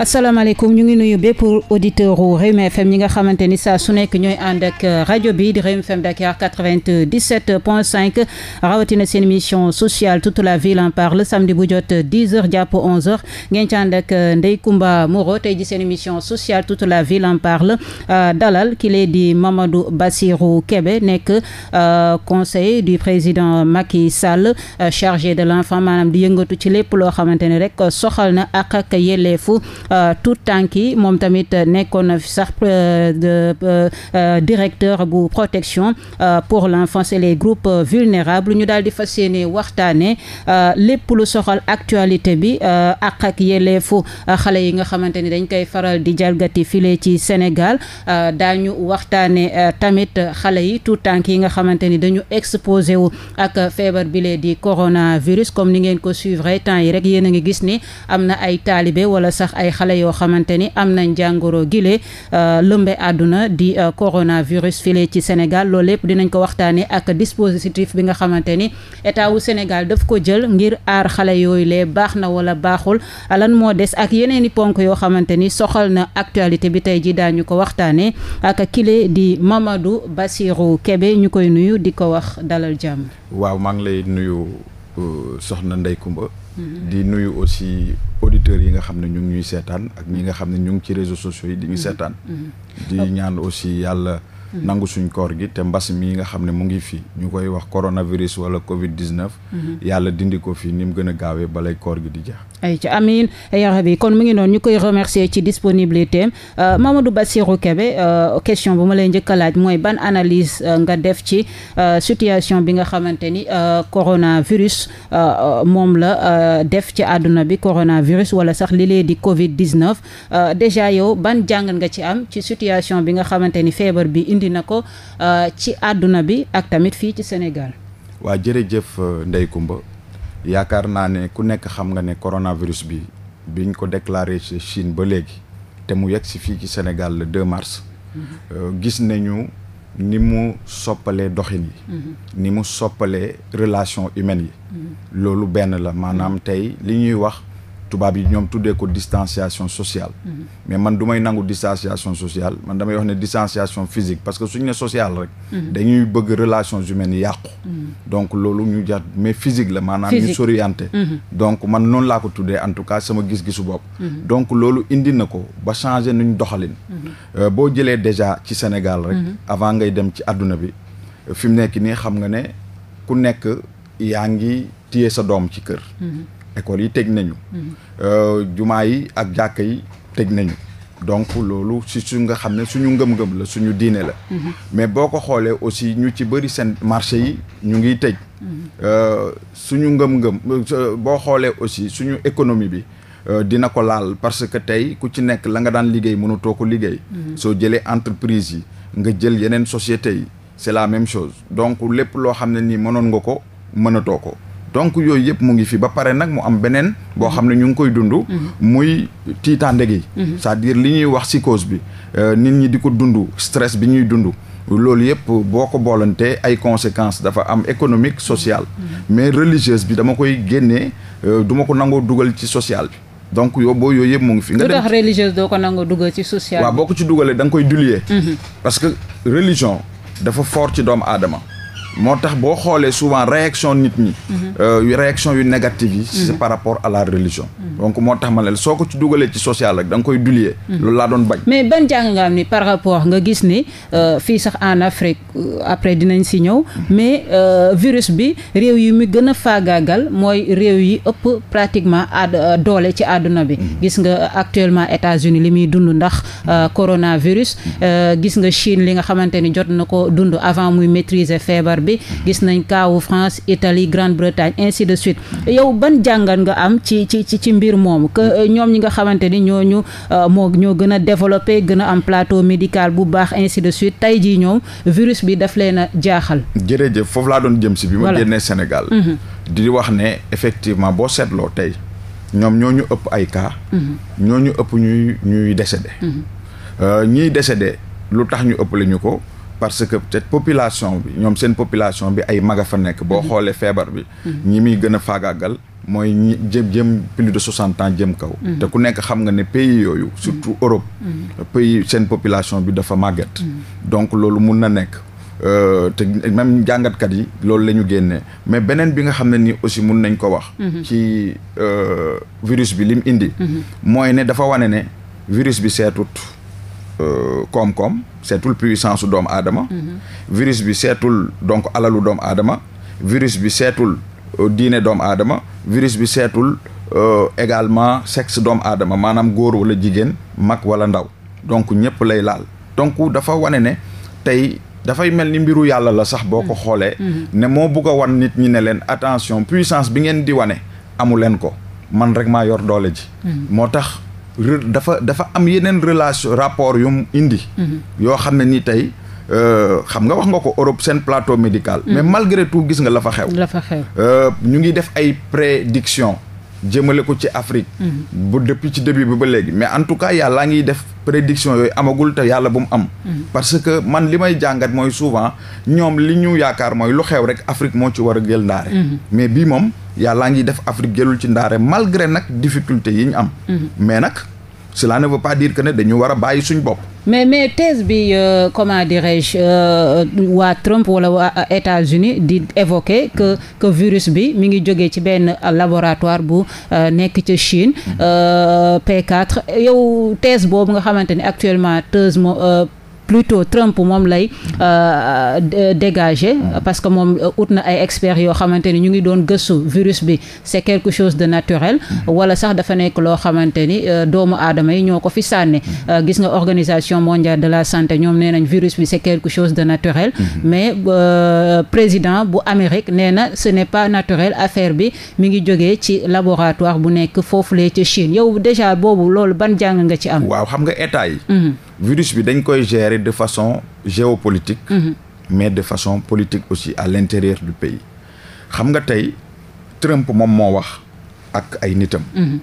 asalaamaaleykum ñu ngi nuyu bépp auditeur u Rewmi FM ñi nga xamante ni saa su nekk ñooy ànd ak rajo bi di Rewmi FM Dakar 97 point 5 rawatina seen émission sociale toute la ville en parle samdi bu jot 10 heures jàpp 11 heures ngeen ci ànd euh, ndey kumba Comba tey ji seen émission sociale toute la ville en parle euh, dalal kile di Mamadou Bassirou kebe nekk euh, conseiller du président Macky Sall chargé de l'enfant maanaam di yëngatu ci lépp loo xamante ni rek soxal na ak ak yelleefu Euh, tout tànk yi moom tamit euh, nekkoon na fi sax euh, directeur bu protection pour l'enfance et les groupes vulnérables ñu daal di fas yéene waxtaane lépp lu soxal actualité bi ak ak yelleefu xale yi nga xamante ni dañ koy faral di jalgati file ci Sénégal daañu waxtaane tamit xale yi tout tànk yi nga xamante ni dañu exposé wu ak feebar bile di coronavirus comme ni ngeen ko suivre temps yi rek yéen ngi gis ni am na ay taalibe wala sax xale yoo xamante ni am nañ jàngoro gile euh, lëmbe àdduna di euh, coronavirus file ci Sénégal loolu lépp dinañ ko waxtaanee ak dispositif bi nga xamante ni état wu Sénégal daf ko jël ngir aar xale yooyu lee baax na wala baaxul alan moo des ak yeneen i ponk yoo xamante ni soxal na actualité bi tey ji daañu ko waxtaanee ak kile di Mamadou Bassirou Kébé ñu koy nuyu di ko wax dalal jàmm. waaw maa lay nuyu euh, soxna Ndeye Coumba Mm-hmm. di nuyu aussi auditeurs yi nga xam ne ñu ngi ñuy seetaan ak ñi nga xam ne ñu ngi ci réseaux sociaux yi di ñu mm-hmm. seetaan. Mm-hmm. di ñaan aussi yàlla. nangu suñ koor gi te mbas mi nga xam ne mu ngi fi ñu koy wax coronavirus wala Covid 19. Mhm. yàlla dindi ko fi ni mu gën a gaawee balay koor gi di jeex. ay ci amiin yaa rabbi kon mu ngi noonu ñu koy remercier ci disponibilité am euh, Mamadou Bassirou Kébé euh, question bu ma lay njëkk a laaj mooy ban analyse euh, nga def ci situation bi nga xamante ni coronavirus moom la def ci àdduna bi coronavirus wala sax li lee di Covid 19 déjà yow ban jàngat nga ci am ci situation indi na ko euh, ci àdduna bi ak tamit fii ci Sénégal. waa jërëjëf euh, ndey Comba yaakaar naa ne ku nekk xam nga ne coronavirus bi biñ ko déclaré ci Chine ba léegi te mu yegg si fii ci Sénégal le 2 mars. Mm-hmm. Euh, gis nañu ni mu soppalee doxin yi. Mm-hmm. ni mu soppalee relation humaine yi. Mm-hmm. loolu benn la maanaam tey li ñuy wax. tubaab yi ñoom tuddee ko distanciation sociale mhm. mais man du may nangu distanciation sociale man damay wax ne distanciation physique parce que suñu ne sociale rek mhm. dañuy bëgg relations humaines yi yàqu mhm. donc loolu ñu jax mais physique la maanaam ñu s'orienté donc man noonu laa ko tuddee en tout cas sama gis-gisu bopp donc loolu indi na ko ba changé nuñ doxalin euh, boo jëlee déjà ci Sénégal rek avant ngay dem ci àdduna bi fi mu nekk nii xam nga ne ku nekk yaa ngi téye sa doom ci kër écoles yi tëj nañu. Euh, jumaa yi ak jàkk yi tëj nañu. donc loolu si su nga xam ne suñu ngëm-ngëm la suñu diine la. mais boo ko xoolee aussi ñu ci bëri seen marché yi ñu ngi tëj. Euh, suñu ngëm-ngëm euh, boo xoolee aussi suñu économie bi dina ko laal parce que tey ku ci nekk la nga daan liggéey mënatoo ko liggéey. soo jëlee entreprise yi nga jël yeneen société yi c'est la même chose donc lépp loo xam ne nii mënoon nga ko mënatoo ko. donc yooyu yëpp mu ngi fi ba pare nag mu am beneen boo xam ne ñu ngi koy dund mhm. muy tiitaande gi mhm. c'est-à-dire li ñuy wax psychose bi euh, nit ñi di ko dund stress bi ñuy dund loolu yëpp boo ko boolantee ay conséquences dafa am économique sociale mhm. mais religieuse bi dama koy génnee euh, du ma ko nangoo dugal ci sociale bi donc yow boo yooyu yëpp mu ngi fi. nga dem lu tax religieuse doo ko nangoo dugal ci sociale. waaw boo ko ci dugalee da nga koy dulier. parce que religion dafa fort ci doomu aadama. moo tax boo xoolee souvent réaction nit ñi. Euh, réaction yu négative yi. c'est par rapport à la religion. donc moo tax ma ne soo ko ci dugalee ci social rek da nga koy dulier. loolu laa doon bañ. mais ban jàng nga am ni par rapport nga gis ni euh, fii sax en Afrique euh, après dinañ si ñëw mais virus bi réew yi mu gën a faagaagal mooy réew yi ëpp pratiquement aad doole ci àdduna bi. Mm. gis nga actuellement États-Unis li muy dund ndax coronavirus mm. gis nga Chine li nga xamante ni jot na ko dund avant muy maîtriser feebar. bi gis nañ kaawu France Italie Grande-Bretagne ainsi de suite yow ban jàngat nga am ci ci ci mbir moomu que euh, ñoom ñi nga xamante ni ñooñu euh, moo ñoo gën a développé gën a am plateau médical bu baax ainsi de suite tey jii ñoom virus bi daf leen a jaaxal. jërëjëf foofu laa doon jëm si bi ma génnee Sénégal. Mhm. di wax ne effectivement boo seetloo tey ñoom ñoo ñu ëpp ay cas. Mhm. ñoo ñu ëpp ñuy ñuy décédé. Mhm. Euh, ñiy décédé lu tax ñu ëpp la ko. parce que peut-être population bi ñoom seen population bi ay mag a fa nekk boo mhm. xoolee feebar bi mhm. ñi muy gën a faagaagal mooy ñi jëm jëm plus de soixante ans jëm kaw mhm. te ku nekk xam nga ne pays yooyu surtout Europe pays seen population bi dafa màgget donc loolu mun na nekk euh, te même jàngatkat yi loolu la ñu génnee mais beneen bi nga xam ne ni aussi mun nañ ko wax ci euh, virus bi lim indi mooy ne dafa wane ne virus bi seetut Euh, koom-koom seetul puissance su doomu aadama. Mm-hmm. virus bi seetul donc alalu doomu aadama. virus bi seetul euh, diine doomu aadama. virus bi seetul euh, également sexe doomu aadama maanaam góor wala jigéen mag wala ndaw donc ñëpp lay laal donc dafa wane ne tey. dafay mel ni mbiru yàlla la sax boo ko mm-hmm. xoolee. Mm-hmm. ne moo bugg a nit ñi ne leen attention puissance bi ngeen di wane amu leen ko man rek maa yor doole ji. moo tax dafa dafa am yeneen relation rapport yu indi. Mm-hmm. yoo xam ne ni tey euh, xam nga wax nga ko Europe seen plateau médical. Mm-hmm. mais malgré tout gis nga la fa xew. la fa xew euh, ñu ngi def ay prédiction jëmale ko ci Afrique. Mm-hmm. bu depuis ci debut bi ba léegi mais en tout cas yàlla ngi def prédiction yooyu amagul te yàlla bu mu am. parce que man li may jàngat mooy souvent ñoom li ñu yaakaar mooy lu xew rek Afrique moo ci war a gël ndaare mais bii moom. yàllaa ngi def Afrique jëlul ci ndaare malgré nag difficulté yi ñu am. Mhm. mais nag cela ne veut pas dire que ne dañu war a bàyyi suñ bopp. mais mais thèse bi euh, comment dirais-je euh, waa Trump wala waa États-Unis di évoquer que que virus bi mi ngi jóge ci benn laboratoire bu euh, nekk ca Chine mhm. euh, P4 yow thèse boobu nga xamante ne actuellement thèse mo plutôt Trump moom lay euh, dégager mm. parce que moom euh, ut na ay experts yoo xamante ni ñu ngi doon gëstu virus bi c'est quelque chose de naturel mm. wala sax dafa nekk loo xamante ni euh, doomu aadama yi ñoo ko fi sànni mm. gis nga organisation mondial de la santé ñoom nee nañ virus bi c'est quelque chose de naturel mais président bu Amérique nee na ce n'est pas naturel affaire bi mi ngi jógee ci laboratoire bu nekk foofu foofulee ci Chine yow déjà boobu loolu ban jàng nga ci am waaw xam yi mm-hmm. virus bi dañ koy gérer de façon géopolitique. Mmh. mais de façon politique aussi à l'intérieur du pays xam nga tey Trump moom moo wax ak ay nitam. Mhm.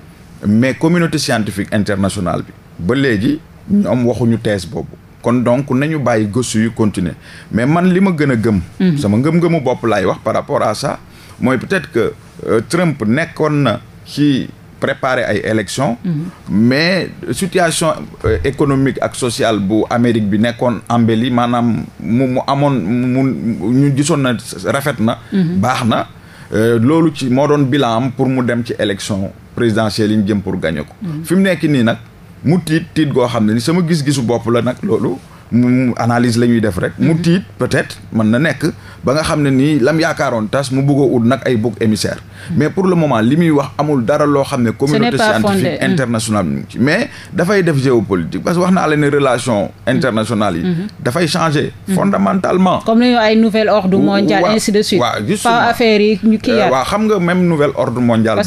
mais communauté scientifique internationale bi. ba léegi ñoom waxuñu tees boobu. kon donc nañu bàyyi gëstu yu continuer mais man li ma gën a gëm. Mhm. sama ngëm-ngëmu bopp laay wax par rapport à ça mooy peut-être que euh, Trump nekkoon na ci. préparer ay élections mhm. mais situation euh, économique ak sociale bu Amérique bi nekkoon embelli maanaam mu mu amoon mu ñu jisoon na rafet na mhm. baax na euh, loolu ci moo doon bilan am pour mu dem ci élection présidentielle yi ñu jëm pour gagner ko mhm. fi mu nekk nii nag mu tiit tiit goo xam ne ni sama gis-gisu bopp la nag loolu mu analyse la ñuy def rek mu mhm. tiit peut-être na nekk ba nga xam ne nii lam yaakaaroon tas mu bëggoo ut nag ay bouc émissaire mhm. mais pour le moment li muy wax amul dara loo xam ne communauté scientifique mhm. internationale mi ngi ci mais dafay def géopolitique parce que wax naa la ne relation internationale yi dafay changer fondamentalement comme li ñu ay nouvel ordre mondial ainsi de suite waaw affaire yi ñu kii euh, waaw xam nga même nouvel ordre mondial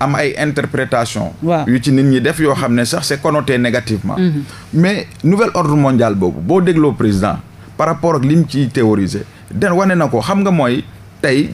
am ay interprétation waaw yu ci nit ñi def yoo xam ne sax c'est connoté négativement mhm. mais nouvel ordre mondial boobu boo dégloo président par rapport ak lim ci théorisé den wane na ko xam nga mooy tey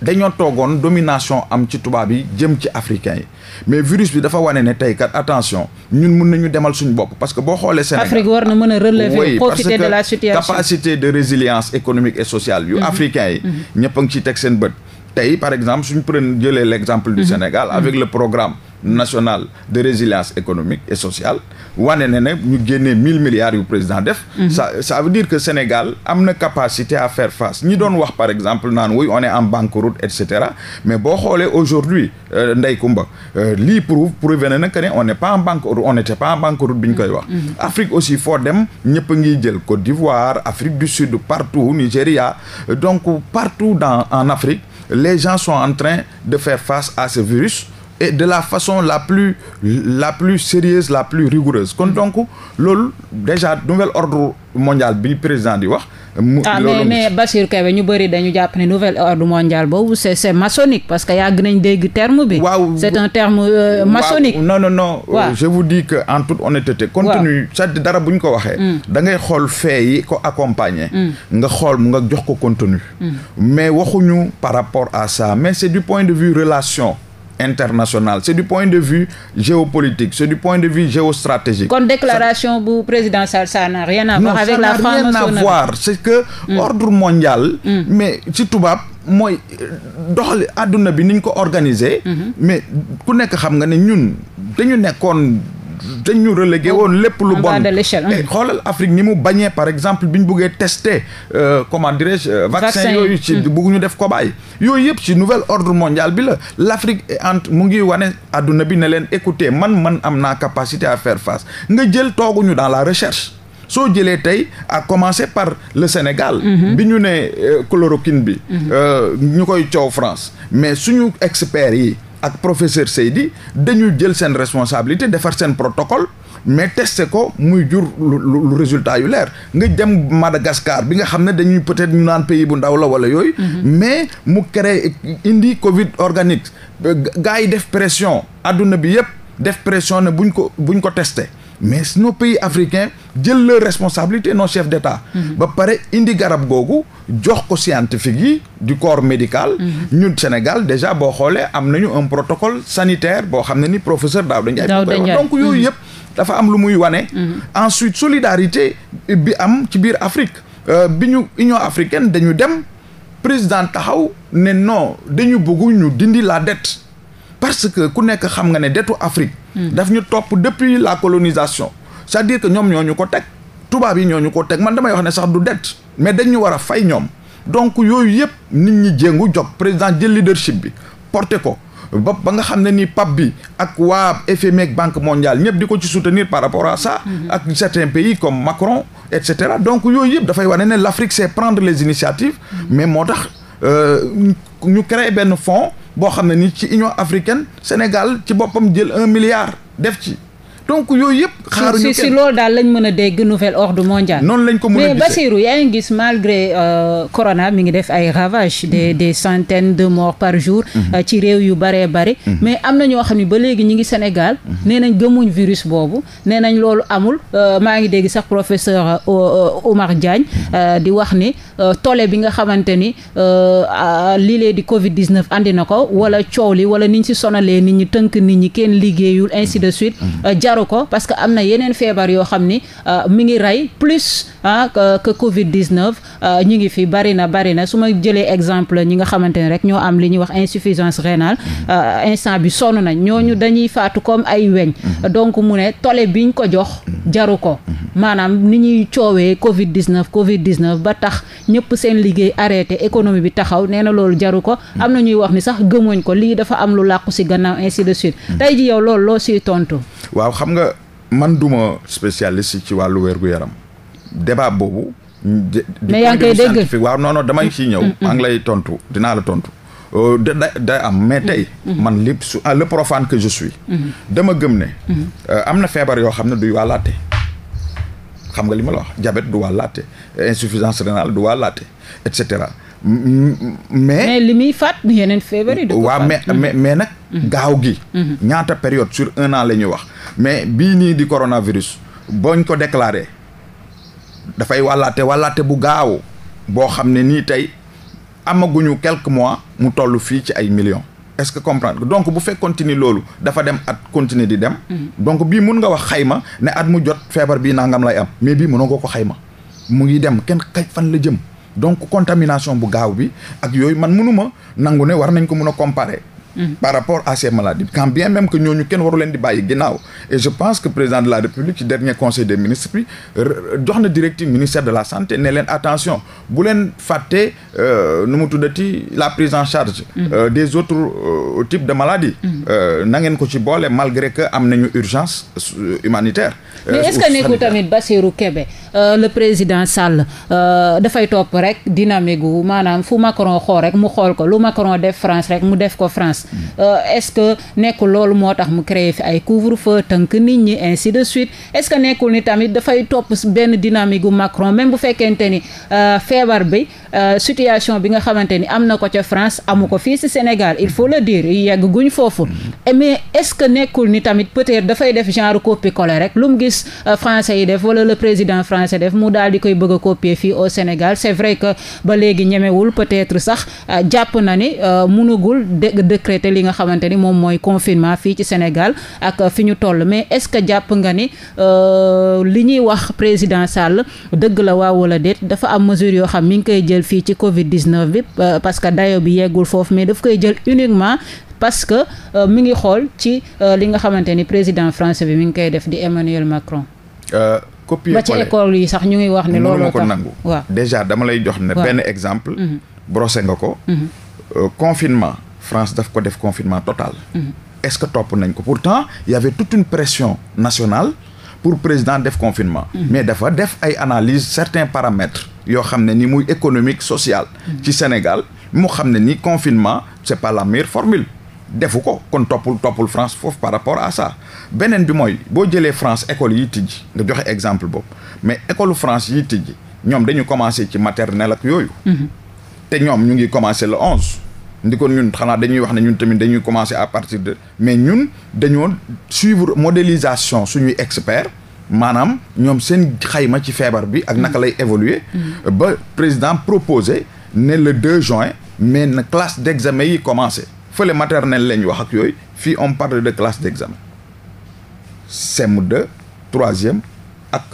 dañoo toogoon domination am ci tubaab yi jëm ci africain yi mais virus bi dafa wane ne tey kat attention ñun mun nañu demal suñu bopp parce que boo xoolee Sénégal Afrique war na mën a relever profiter de la situation capacité de résilience économique et sociale yu mhm. africain yi mhm. ñëpp a ciy teg seen bët tey par exemple suñu pren jëlee l' exemple du mhm. Sénégal mhm. avec le programme national de résilience économique et sociale wane ne ne ñu génnee mille milliards yu président def mhm. ça ça veut dire que Sénégal am na capacité à faire face ñi doon wax par exemple naan wuy on est en banqueroute et cetera mais boo xoolee aujourd'hui euh, Ndeye Comba euh, lii prouve prouve na que ne on n'est pas en banqueroute on n'était pas en banqueroute bi ñu koy wax Afrique aussi foo dem ñëpp a ngi jël Côte d'Ivoire Afrique du Sud partout Nigéria euh, donc partout dans en Afrique les gens sont en train de faire face à ce virus de la façon la plus la plus sérieuse la plus rigoureuse kon mm. donc loolu déjà nouvel ordre mondial bi président di wax. mu ah mais ba Bassirou ñu bëri dañu jàpp ne nouvel ordre mondial boobu c'est c'est maçonnique parce que yàgg nañ dégg terme bi. waaw c'est un terme euh, maçonnique. Euh, waaw. non je vous dis que en toute honnêteté. waaw compte dara bu ñu ko waxee. Mm. dangay xool fee ko accompagner. Mm. nga xool nga jox ko contenu. mais waxuñu par rapport à ça mais c'est du point de vue relation. internationale c'est du point de vue géopolitique c'est du point de vue géostratégique. kon déclaration bu président Sall n'a rien à voir avec la franc c'est que. Mm. ordre mondial. Mm. mais ci tubaab mooy euh, doxali àdduna bi ni ñu ko organiser. Mm-hmm. mais ku nekk xam nga ne ñun dañu nekkoon. dañ ñu relégué woon lépp lu bon eh, xoolal Afrique ni mu bañee par exemple bi ñu buggee testé euh, comment dirais-je euh, vaccin yooyu ci hmm. bugg ñu def ko cobaye yooyu yëpp ci nouvel ordre mondial bi la l'Afrique entre mu ngi wane adduna bi ne leen écoutez man man am naa capacité à faire face nga jël tooguñu dans la recherche soo jëlee tey à commencer par le Sénégal mm-hmm. bi ñu ne euh, chloroquine bi mm-hmm. ñu koy coow France mais suñu experts yi ak professeur Seydi dañuy jël seen responsabilité defar seen protocol mais testé ko muy jur lu résultat yu leer nga jëm Madagascar bi nga xam ne dañuy peut-être ñu naan pays bu ndaw la wala yooyu mm-hmm. mais mu créé indi Covid organique gars yi def pression adduna bi yëpp def pression ne buñ ko buñ ko testé mais nos pays africain jël leur responsabilité nos chefs d'État mhm. ba pare indi garab googu jox ko scientifique yi du corps médical mhm. ñun Sénégal déjà boo xoolee am nañu un protocole sanitaire boo xam ne ni professeur Daouda Ndiaye donc yooyu mhm. yëpp dafa am lu muy wane ensuite solidarité bi am ci biir Afrique euh, bi ñu Union africaine dañu dem président taxaw ne non dañu bëgg ñu dindi la dette parce que ku nekk xam nga ne dettu Afrique Hmm. daf ñu topp depuis la colonisation sa à dire que ñoom ñoo ñu ko teg tubaab yi ñoo ñu ko teg man damay wax ne sax du dette mais dañ ñu war a fay ñoom donc yooyu yëpp nit ñi jéngu jóg président jël leadership bi porté ko ba ba nga xam ne nii PAP bi ak waa FMI e Banque mondiale ñëpp di ko ci soutenir par rapport a ça. Hmm. ak certains pays comme Macron et cetera donc yooyu yëpp dafay wane ne l'Afrique c'est prendre les initiatives. Hmm. mais moo tax euh, ñu créer benn fonds. boo xam ne ni ci Union africaine Sénégal ci boppam jël un milliard def ci donc yooyu yëpp. si si loolu daal lañ mën a dégg nouvel ordre mondial. noonu lañ ko mën a yaa ngi gis malgré euh, corona mi ngi def ay ravages. des mm-hmm. des centaines de morts par jour. Mm-hmm. Euh, ci réew yu baree bare. Mm-hmm. mais am na ñoo xam ne ba léegi ñi ngi Sénégal. nee nañ gëmuñ virus boobu nee nañ loolu amul euh, maa ngi dégg sax professeur Omar Diagne di wax ni tole bi nga xamante ni lii lee di Covid 19 andi na ko wala coow li wala niñ si sonalee nit ñi tënk nit ñi kenn liggéeyul ainsi de suite. jaru ko parce que am na yeneen feebar yoo xam ni euh, mi ngi rey plus ah que Covid 19 euh, ñu ngi fi bari na bari na su ma jëlee exemple ñi nga xamante ne rek ñoo am li ñuy wax insuffisance rénale euh, instant bi sonn nañ ñoo ñu dañuy faatu comme ay weñ donc mu ne tole bi biñ ko jox jaru ko maanaam ni ñuy coowee Covid 19 Covid 19 ba tax ñëpp seen liggéey arrêté économie bi taxaw nee na loolu jaru ko am na ñuy wax ni sax gëmooñ ko lii dafa am lu làqu ci gannaaw ainsi de suite mm. tey ji yow waaw xam nga man duma spécialiste ci wàllu wér gu yaram débat boobu. mais yaa ngi koy dégg waaw non non damay mm, ñëw. Mm, mm, maa ngi lay tontu dinaa la tontu. Euh, da day am mais tey. man lépp su ah, le profane que je dama gëm ne. Euh, am na feebar yoo xam ne du wàllaate xam nga li ma la wax diabète du wàllaate insuffisance rénale du wàllaate et cetera mais. mais li muy faat yeneen feebar yi. du waaw mais mais mais nag. gaaw gi. ñaata période sur un an la ñuy wax mais bii nii di coronavirus ñu ko déclaré dafay wàllaate wallaate bu gaaw boo xam ne nii tey amaguñu quelques mois mu toll fii ci ay millions. est-ce que comprendre donc bu fekk continuer loolu dafa dem at continuer di dem. Mm-hmm. donc bii mun nga wax xayma ne at mu jot feebar bii nangam lay am mais bii mënoo ko ko xayma mu ngi dem kenn kaj fan la jëm donc contamination bu gaaw bi ak yooyu man mënuma nangu ne war nañ ko mun a comparer. Mm-hmm. par rapport à ces maladies quand bien même que ñooñu kenn waru leen di bàyyi ginnaaw et je pense que président de la république ci dernier conseil des ministres bi jox na directive ministère de la santé neleen leen attention bu leen fàtte euh, nu mu tuddati la prise en charge mm-hmm. euh, des autres euh, types de maladies mm-hmm. na ngeen ko ci boole malgré que am nañu urgence humanitaire mais est-ce que nekkul tamit Bassirou Kébé Euh, le président Sall euh, dafay topp rek dynamique gu maanaam fu Macron xool rek mu xool ko lu Macron def France rek mu def ko France euh, est-ce que nekkul loolu moo tax mu créé fi ay couvre-feu tënk nit ñi ainsi de suite est-ce que nekkul ni tamit dafay topp benn dynamique gu Macron même bu fekkente ni feebar bi situation bi nga xamante ni am na ko ca France amu ko fii si Sénégal il faut le dire yegg guñ foofu mais est-ce que nekkul ni tamit peut-être dafay def genre copier-coller rek lu mu gis français yi def wala le président français commencé def mu daal di koy bëgg a copier fii au Sénégal c'est vrai que ba léegi ñemewul peut-être sax euh, jàpp na ni euh, munagul décréter li nga xamante ni moom mooy confinement fii ci Sénégal ak euh, fi ñu toll mais est-ce que jàpp nga ni li ñuy wax président Sall dëgg la waaw wala déet dafa am mesure yoo xam mi ngi koy jël fii ci Covid 19 bi parce que dayo bi yeggul foofu mais dafa koy jël uniquement parce que mi ngi xool ci li nga xamante ni président français bi mi ngi koy def di Emmanuel Macron. copier ba ci école yi sax ñu ngi wax ni loolu ko nangu waaw déjà dama lay jox ne benn exemple mhm. brossé nga ko mhm. euh, confinement France def ko def confinement total mhm. est-ce que topp nañ ko pourtant il y toute une pression nationale pour président def confinement mais dafa def ay analyse certains paramètres yoo xam ne ni muy économique sociale ci Sénégal mu xam ne ni confinement c'est pas la meilleure formule defu ko kon toppul toppul France foofu par rapport à ça beneen bi mooy boo jëlee France école yi tijji nga joxe exemple boobu mais école France yi tijji ñoom dañu commencé ci maternelle ak yooyu mhm. te ñoom ñu ngi commencé le onze ndi kon ñun xanaa dañuy wax na ñun tamit dañuy commencé à partir de mais ñun dañoo suivre modélisation suñuy expert maanaam ñoom seen xayma ci feebar bi ak naka mhm. lay évoluer mhm. ba président proposé ne le 2 juin mais na classe d'examen yi commencé fële maternelle lañ wax ak yooyu fii on parle de classe d'examen CM2 troisième ak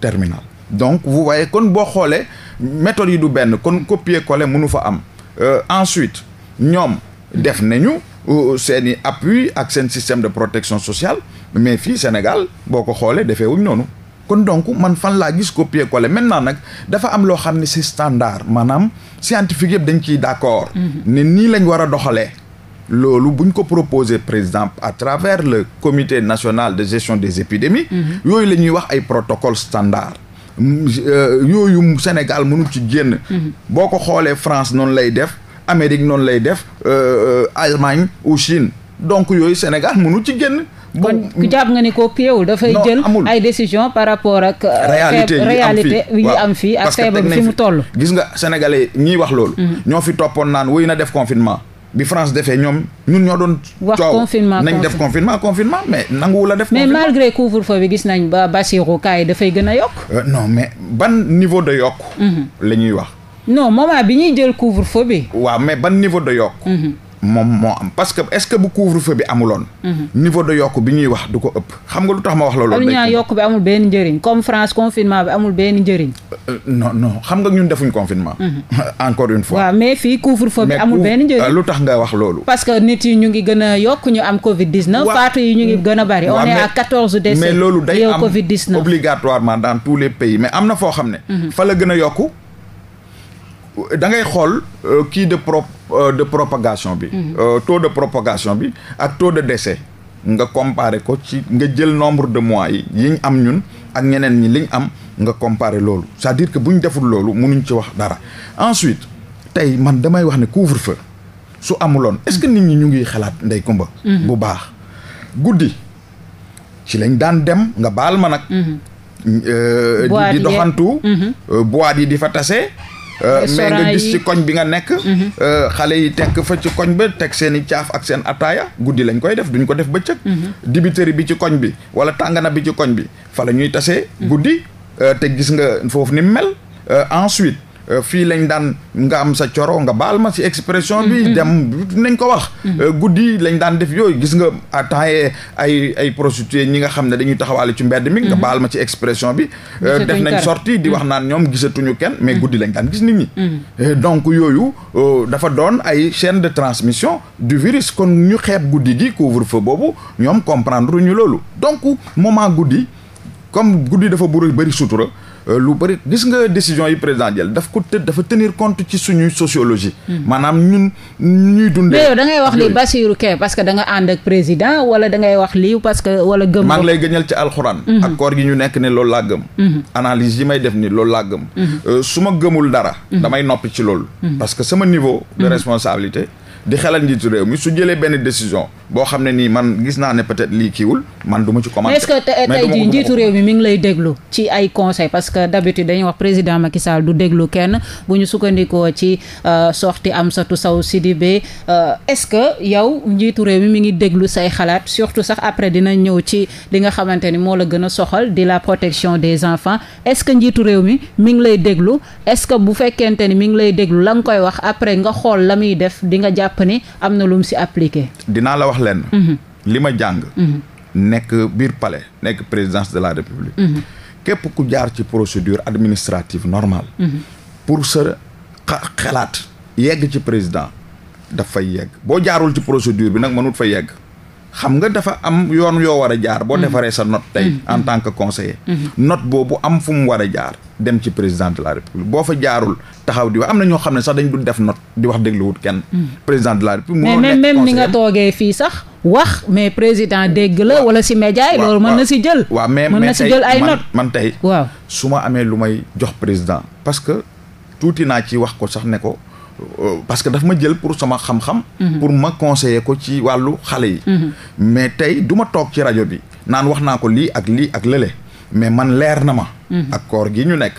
terminale donc vous voyez kon boo xoolee méthode yi du benn kon copier coller mënu fa am euh, ensuite ñoom def nañu seen euh, seeni appui ak seen système de protection sociale mais fii Sénégal boo ko xoolee defee wuñ noonu kon donc man fan laa gis copier coller maintenant nag dafa am loo xam ne c'est standard maanaam scientifique yëpp dañ ciy d'accord mm-hmm. ne nii lañ war a doxalee loolu bu ñu ko proposé président à travers le comité national de gestion des épidémies mhm. yooyu la ñuy wax ay protocole standard mm, euh, yooyu Sénégal mënu ci génn mhm. boo ko xoolee France noonu lay def Amérique noonu lay def euh, euh, Allemagne ou Chine donc yooyu Sénégal mënu ci génn ko jàpp nga ni ko piewul dafay jël ay décision par rapport ak réalité yi am fii ak feebar bi fi mu toll gis nga sénégalais ñiy wax loolu mhm. ñoo fi toppoon naan wuy na def confinement bi France defee ñoom ñun ñoo doon. wax confinement nañ def confinement confinement mais nanguwu la def. mais malgré couvre-feu bi gis nañ ba Bassirou dafay gën a yokk. Euh, non mais ban niveau de yokk. Mhm. la ñuy wax. no moment bi ñuy jël couvre-feu bi. waaw mais ban niveau de yokk. Mhm. moom moo am parce que est-ce que bu couvre-feu bi amuloon. Mhm. niveau de yokk bi ñuy wax du ko ëpp. xam nga lu tax ma wax la loolu. dañu naan yokk bi amul benn njëriñ comme France amul benn njëriñ. Euh, euh, non non xam nga ñun defuñ confinement. Mhm. encore une mais fii couvre benn njëriñ. Euh, lu tax nga wax loolu. parce que nit yi ñu ngi gën a yokk ñu am Covid 19. waaw faatu yi ñu ngi mm. gën a bari. on est quatorze décès. mais loolu day am obligatoirement dans tous les pays mais am na foo xam ne. Mhm. fa la gën a yokk. da ngay xool euh, kii de pro euh, de propagation bi. Mhm. Euh, to de propagation bi ak to de décès. nga comparer ko ci nga jël nombre de mois yi ñu am ñun ak ñeneen ñi li am nga comparer loolu c'est-à-dire que bu ñu deful loolu mënuñ ci wax dara ensuite tey man damay wax ne couvre-feu su amuloon est-ce que nit ñi ñu ngi xalaat ndey kumba mhm. bu baax guddi ci lañ daan dem nga baal ma nag. Mhm. di doxantu. boîte yi di fa tase. Euh, mais nga gis ci koñ bi nga nekk mhm. euh, xale yi tekk fa ci koñ ba teg seen i caaf ak seen ataaya guddi lañ koy def duñ ko def bëccëg mhm. dibiteri bi ci koñ bi wala tàngana bi ci koñ bi fa la ñuy tasee mhm. guddi euh, te gis nga foofu ni mel ensuite Euh, fii lañ daan nga am sa coro nga baal ma si expression bi mm-hmm. dem nañ ko wax mm-hmm. euh, guddi lañ daan def yooyu gis nga temps ay ay prostituées ñi nga xam ne dañuy taxawaale ci mbedd mi nga mm-hmm. baal ma ci expression bi euh, def nañ sorti di wax naan ñoom gisatuñu kenn mais guddi lañ daan gis nit ñi donc yooyu dafa doon ay chaîne de transmission du virus kon ñu xeeb guddi gi couvre fa boobu ñoom comprendre ñu loolu donc moment guddi comme guddi dafa bëri bëri sutura Euh, lu bëri dis nga décision yi président jël daf ko tëdd dafa tenir compte ci suñuy sociologie hmm. maanaam ñun ñuy dundee mais da ngay wax li Bassirou Kay parce que da nga ànd ak président wala da ngay wax lii parce que wala gëm maa ngi lay gëñal ci alxuraan hmm. ak koor gi ñu nekk ne loolu laa gëm hmm. analyse yi may def ni loolu laa gëm euh, su ma gëmul dara damay noppi ci loolu parce que sama niveau de responsabilité di xelal njiitu réew mi su jëlee benn décision boo xam ne nii man gis naa ne peut-être lii kiiwul man du ma ci commenter. mais est-ce que njiitu réew mi mi ngi lay déglu ci ay conseil parce que d'habitude dañuy wax président Macky Sall du déglu kenn bu ñu sukkandikoo ci euh, sorti Amsatou Sow Sidibé euh, est-ce que yow njiitu réew mi mi ngi déglu say xalaat surtout sax après dina ñëw ci li nga xamante ni moo la gën a soxal di la protection des enfants est-ce que njiitu réew mi mi ngi lay déglu est-ce que bu fekkente ni mi ngi lay déglu la nga koy wax après nga xool la muy def di nga jàpp ni am na lu mu si appliqué. dinaa la wax wax leen. Mhm. li ma jàng. Mhm. nekk biir palais nekk présidence de la république. Mhm. képp ku jaar ci procédure administrative normale. pour sa xalaat yegg ci président daf fay yegg boo jaarul ci procédure bi nag mënut fa yegg. xam nga dafa am yoon yoo war a jaar boo mm. defaree sa note tey mm. en mm. tant que conseiller mm-hmm. note boobu am fu mu war a jaar dem ci président de la république boo fa jaarul taxaw di wax am na ñoo xam ne sax dañ du def note di wax dégluwut kenn président de la république mais même ni nga toogee fii sax wax mais président dégg la wala si média yi loolu mën na si jël waaw mais mën na man tey waaw su ma amee lu may jox président parce que tuuti naa ci wax ko sax ne ko Euh, parce que daf ma jël pour sama xam-xam. Mhm. pour ma conseiller ko ci wàllu xale yi. Mhm. mais tey duma toog ci rajo bi naan wax naa ko lii ak lii ak lële mais man leer na ma. Mhm. ak koor gi ñu nekk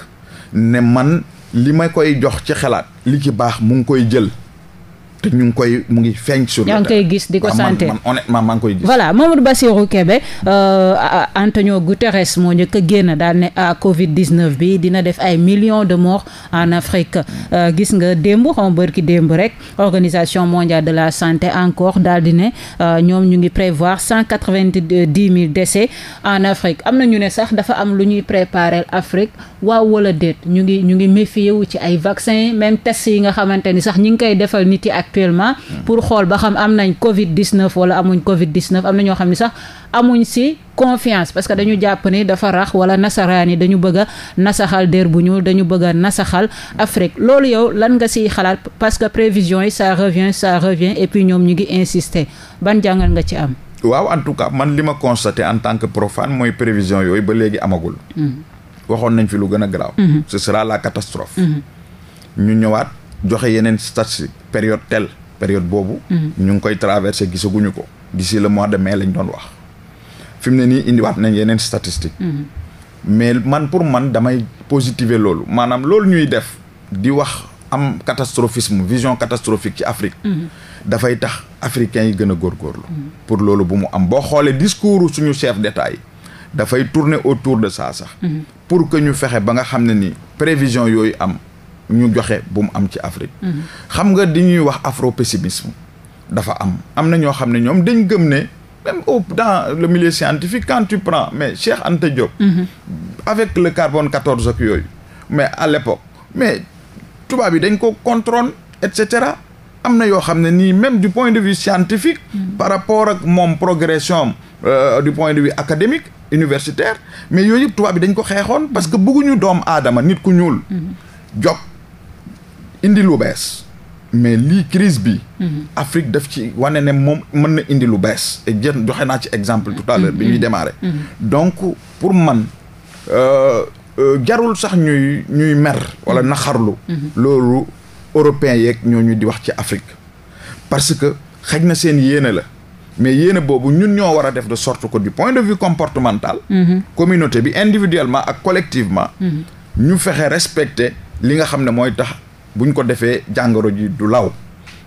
ne man li ma koy jox ci xalaat li ci baax mu ngi koy jël. te ñu ngi koy mu ngi feeñ sur yaa ngi koy gis di ko santé man honnêtement maa ngi koy gis voilà Mamadou Bassirou euh, Antonio Guterres moo njëkk a génn daal ne à ah, Covid 19 bi dina def ay millions de morts en Afrique euh, gis nga démb xam bërki démb rek organisation mondiale de la santé encore daal di ne euh, ñoom ñu ngi prévoir cent quatre-vingt-dix mille décès en Afrique am na ñu ne sax dafa am lu ñuy préparer Afrique waaw wala déet ñu ngi ñu ci ay vaccin même test yi nga xamante ni sax actuellement pour xool ba xam am nañ covid 19 wala amuñ covid 19 am na ñoo xam ne sax amuñ si confiance parce que dañu jàpp ni dafa rax wala nasaraan yi dañu bëgg nasaxal der bu ñuul dañu bëgg a nasaxal Afrique loolu yow lan nga siy xalaat parce que prévision yi ça revient ça revient et puis ñoom ñu ngi insisté ban jàngal nga ci am waaw en tout cas man li ma constaté en tant que profane mooy prévision yooyu ba léegi amagul mm-hmm. waxoon nañ fi lu gën a garaaw mm-hmm. ce sera joxe yeneen stats période telle période boobu. Mm-hmm. ñu ngi koy traversé gisaguñu ko. d'ici le mois de mai lañ doon wax fi mu ne nii indiwaat nañ yeneen statistique mm-hmm. mais man pour man damay positiver loolu maanaam loolu ñuy def di wax am catastrophisme vision catastrophique ci Afrique. Mm-hmm. dafay tax africains yi gën a góorgóorlu. pour loolu bu mu am boo xoolee discours suñu chef d'État yi dafay tourner autour de ça sax. pour que ñu fexe ba nga xam ne ni prévision yooyu am. ñu joxe bu mu am ci Afrique. Mhm. xam nga di ñuy wax afro pessimisme dafa am am na ñoo xam ne ñoom dañ gëm ne même o dans le milieu scientifique quand tu prends mais Cheikh Anta Diop. Mhm. avec le carbone 14 ak yooyu. mais à l'époque mais tubaab yi dañ ko contrôle et cetera am na yoo xam ne nii même du point de vue scientifique. Mhm. par rapport ak moom progression euh, du point de vue académique universitaire mais yooyu yëpp tubaab yi dañ ko xeexoon parce que bëgguñu doom aadama nit ku ñuul. indi lu bees mais lii crise bi mhm. Afrique def ci wane ne moom mën na indi lu bees et jë joxe naa ci exemple tout à bi ñuy mhm. démarrer mhm. donc pour man euh, euh, jarul sax ñuy ñuy mer wala naxarlu loolu européens yeeg ñu di wax ci Afrique parce que xaj na seen yéene la mais yéene boobu ñun ñoo war a def de sorte que du point de vue comportemental communauté bi individuellement ak collectivement ñu fexe respecte li nga xam ne mooy tax bu buñ ko defee jàngoro ji du law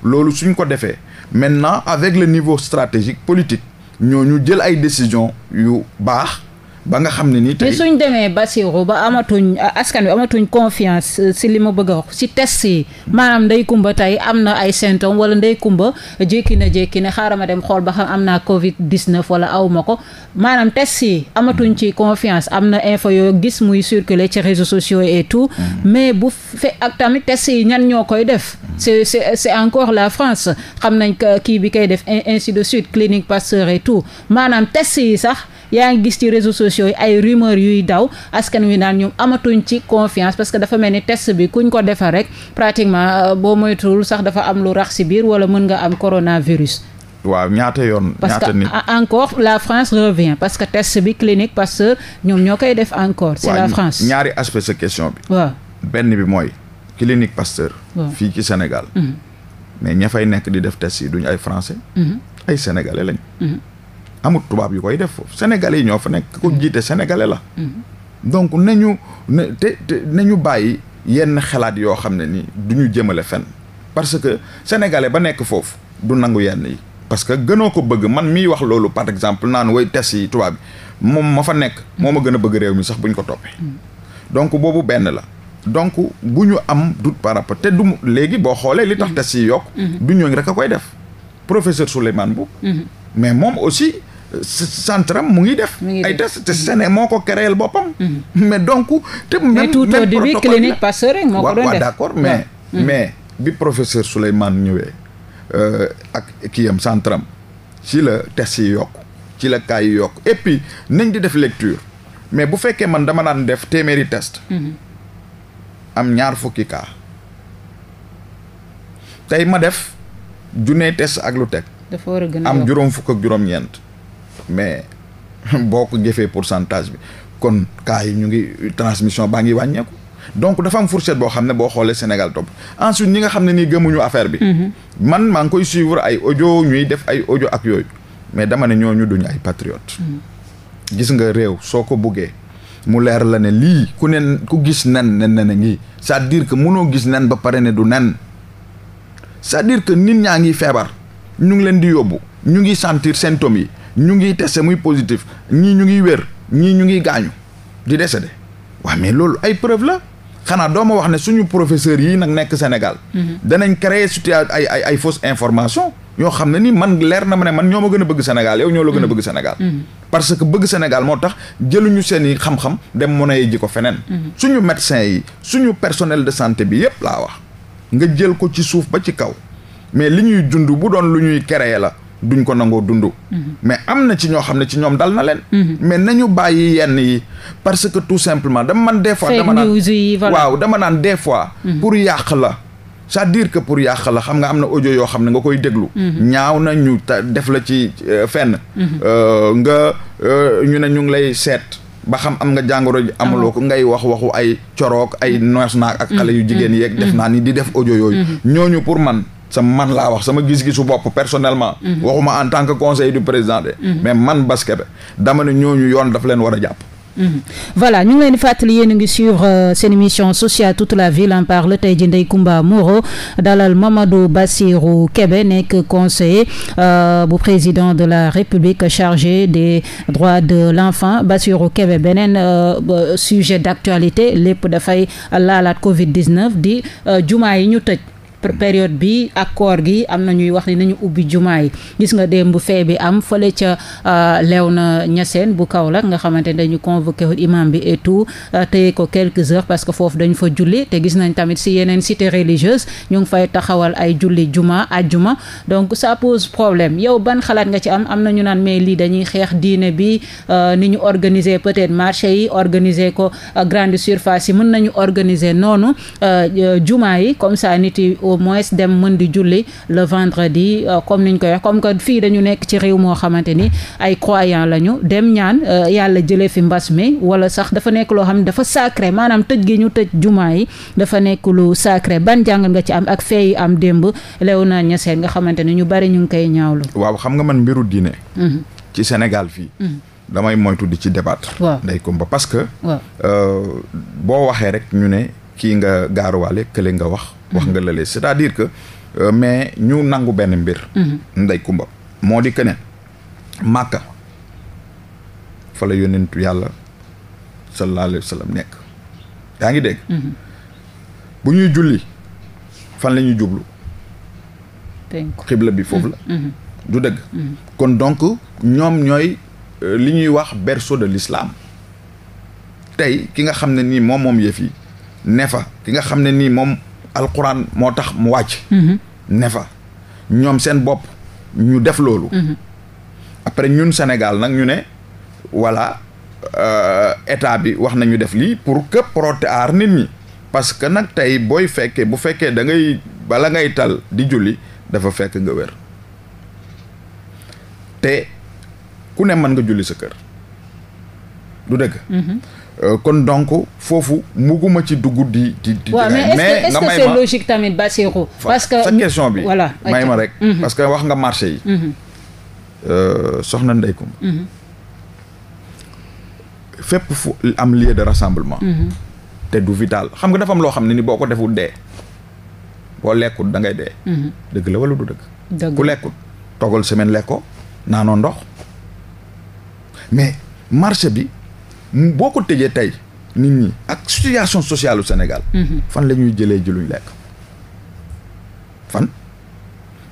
loolu suñ ko defee maintenant avec le niveau stratégique politique ñooñu jël ay décision yu baax ba nga xam ne ni tey suñ demee Bassirou ba amatuñ askan wi amatuñ confiance euh, si li ma bëgg wax si test yi maanaam ndey kumba tey am na ay symptômes wala ndey kumba jékki na jékki ne xaaral ma dem xool ba xam am naa Covid 19 wala aw ma ko maanaam test yi amatuñ ci confiance am na info yoo gis muy circuler ci réseaux sociaux et tout mm. mais bu fe ak tamit test yi ñan ñoo koy def mm. c'est c'est c'est encore la France xam nañ kii bi koy def ainsi de suite clinique Pasteur et tout yaa ngi gis ci réseau sociaux yi ay rumeur yuy daw askan wi naan ñoom amatuñ ci confiance parce que dafa mel ni test bi kuñ ko defar rek pratiquement euh, boo moytuwul sax dafa am lu rax ci biir wala mën nga am coronavirus. waaw ñaata yoon ñaata nit parce que encore la France revient parce que test bi clinique Pasteur ñoom ñoo koy def encore. c'est la France ñaari aspect sa question bi. waaw benn bi mooy clinique Pasteur. fii ci Sénégal. Mhm. mais ña fay nekk di def test yi duñu ay français. Mhm. ay sénégalais amul tubaab yu koy def foofu sénégalais yi ñoo fa nekk ko jiite sénégalais la donc nañu ne te te nañu bàyyi yenn xalaat yoo xam ne ni du ñu jëmale fenn parce que sénégalais ba nekk foofu du nangu yenn yi parce que gënoo ko bëgg man miy wax loolu par exemple naan way test yi tubaab bi moom ma fa nekk moo ma gën a bëgg réew mi sax bu ñu ko toppee donc boobu benn la donc bu ñu am du par rapport te du léegi boo xoolee li tax mm-hmm. test yi yokk mm-hmm. du ñooñ rek a koy def professeur centre mu ngi def. ay test te mhm. Séné moo ko créel boppam. Mhm. mais donc te même. mais tout au début clinique Pasteur moo ko doon def d'accord mais. Mhm. mais bi professeur Souleymane ñëwee euh, ak kii am centre am ci la test yi yokk ci la cas yi yokk et puis nañ di def lecture mais bu fekkee man dama naan def téeméeri test. am ñaar fukki cas tey ma def junne test ak lu teg. dafa a am juróom fukk juróom-ñeent. mais boo ko jëfee pourcentage bi kon cas yi ñu ngi transmission baa ngi wàññeeku donc dafa am fourchette boo xam ne boo xoolee Sénégal topp ensuite ñi nga xam ne nii gëmuñu affaire bi. Mhm. man maa ngi koy suivre ay ojo ñuy def ay ojo ak yooyu mais dama ne ñooñu duñ ay patriote. Mhm. gis nga réew soo ko buggee mu leer la ne lii ku ne ku gis nen nen ne ngi c'est-à-dire que noo gis nen ba pare ne du nen sa à dire que nit ñaa ngi feebar ñu ngi leen di yóbbu ñu ngi sentir symptômes yi. ñu ngi testé muy positif ñii ñu ngi wér ñii ñu ngi gaañu di décédé waaw mais loolu ay preuve la xanaa doo ma wax ne suñu professeurs yi nag nekk Sénégal. Mhm. danañ créer situation ay ay ay fausse information yoo xam ne ni man leer na ma ne man ñoo ma gën a bëgg Sénégal yow ñoo la gën a mhm. bëgg Sénégal. Mhm. parce que bëgg Sénégal moo tax jëluñu seen i xam-xam dem mën a ji ko feneen. suñu médecins yi suñu personnel de santé bi yépp laa wax nga jël ko ci suuf ba ci kaw mais li ñuy dund bu doon lu ñuy créer la. duñ ko nangoo dund. Mhm. mais am na ci ñoo xam ne ci ñoom dal na leen. Mhm. mais ñu bàyyi yenn yi parce que tout simplement dama man des fois. dama naan waaw dama naan des fois. Mhm. pour yàq la. c'est-à-dire que pour yàq la xam nga am na audio yoo xam ne nga koy déglu. ñaaw na ñu def la ci euh, fenn. Euh, nga euh, ñu ne ñu ngi lay seet. ba xam am nga jàngoro ji amuloo ko ngay wax waxu ay corook ay noos naak ak xale yu jigéen yeeg def naa ni di def audio yooyu ñooñu pour man sama man laa wax sama gis-gisu bopp personnellement. Mhm. waxuma en tant que conseiller du président de. Mhm. mais man basket dama ne ñooñu yoon daf leen war a jàpp. Mhm. voilà ñu ngi leen di fàttali ngi suivre euh, seen émission sociale toute la ville en parle tey jii Ndeye Comba Moreau dalal Mamadou Bassirou Kébé nekk conseiller euh, bu président de la République chargé des droits de l'enfant Bassirou Kébé beneen euh, sujet d'actualité lépp dafay laalaat Covid 19 di jumaa yi ñu tëj. période bi ak koor gi am na ñuy wax ni nañu ubbi jumaa yi gis nga démb fee bi am fële ca euh, na Niassène bu kaw Kaolack nga xamante ne dañu convoqué imam bi et tout euh, téye ko quelques heures parce que foofu dañu fa julli te gis nañ tamit si yeneen cité religieuse ñu ngi fay taxawal ay julli juma àjjuma donc ça pose problème yow ban xalaat nga ci am am na ñu naan mais lii dañuy xeex diine bi euh, ni ñu organiser peut-être marché yi organiser ko grande surface yi mën nañu organiser noonu au moins dem mën di julli le vendredi euh, comme niñ koy wax comme que fii dañu nekk ci réew moo xamante ni ay croyants lañu dem ñaan euh, yàlla jëlee fi mbas mi wala sax dafa nekk loo xam ne dafa sacré maanaam tëj gi ñu tëj jumaa yi dafa nekk lu sacré ban jàngat nga ci am ak fee yi am démb Léona Niassène nga xamante ni ñu bari ñu ngi koy ñaaw ñaawlu. waaw xam nga man mbiru diine. Mhm. ci Sénégal fii. Mhm. damay moytu di ci débattre. waaw Ndeye Comba parce euh, boo waxee rek ñu ne. kii nga gaaruwaale kële nga wax wax nga lële c'est-à-dire que euh, mais ñu nangu benn mbir mm-hmm. ndey kumba moo di keneen màkka fa la yonentu yàlla sallallahu alayhi wa sallam nekk yaa ngi dégg mm-hmm. bu ñuy julli fan la ñuy jublu xibla bi foofu la mm-hmm. du dëgg kon donc ñoom ñooy euh, li ñuy wax berceau de lislaam tey ki nga xam ne nii moom moom yëf yi ne fa ki nga xam ne nii moom alxuraan moo tax mu wàcc mhm. ne ñoom seen bopp ñu def loolu mhm. après ñun Sénégal nag ñu ne voilà euh, état bi wax nañu def lii pour que protéger nit ñi parce que nag tey booy fekkee bu fekkee da ngay bala ngay tal di julli dafa fekk nga wér te ku ne mën nga julli sa kër du dëgg mhm. Euh, kon donc foofu muguma ci dugg di di di. mais est ce que c'est logique tamit Bassirou. bi. voilà ma rek. Mhm. parce que wax nga marché yi. Mhm. Euh, soxna Ndeye Coumba. Mhm. fépp fu am lieu de rassemblement. te du vital xam nga dafa loo xam ne ni boo ko deful dee. boo lekkul da ngay dee. dëgg la wala du dëgg. ku lekkul toggal semaine lekkoo naanoo ndox mais marché bi. boo ko tëjee tey nit ñi ak situation socialu au Sénégal. Mhm. fan la jëlee ji luñ lekk fan.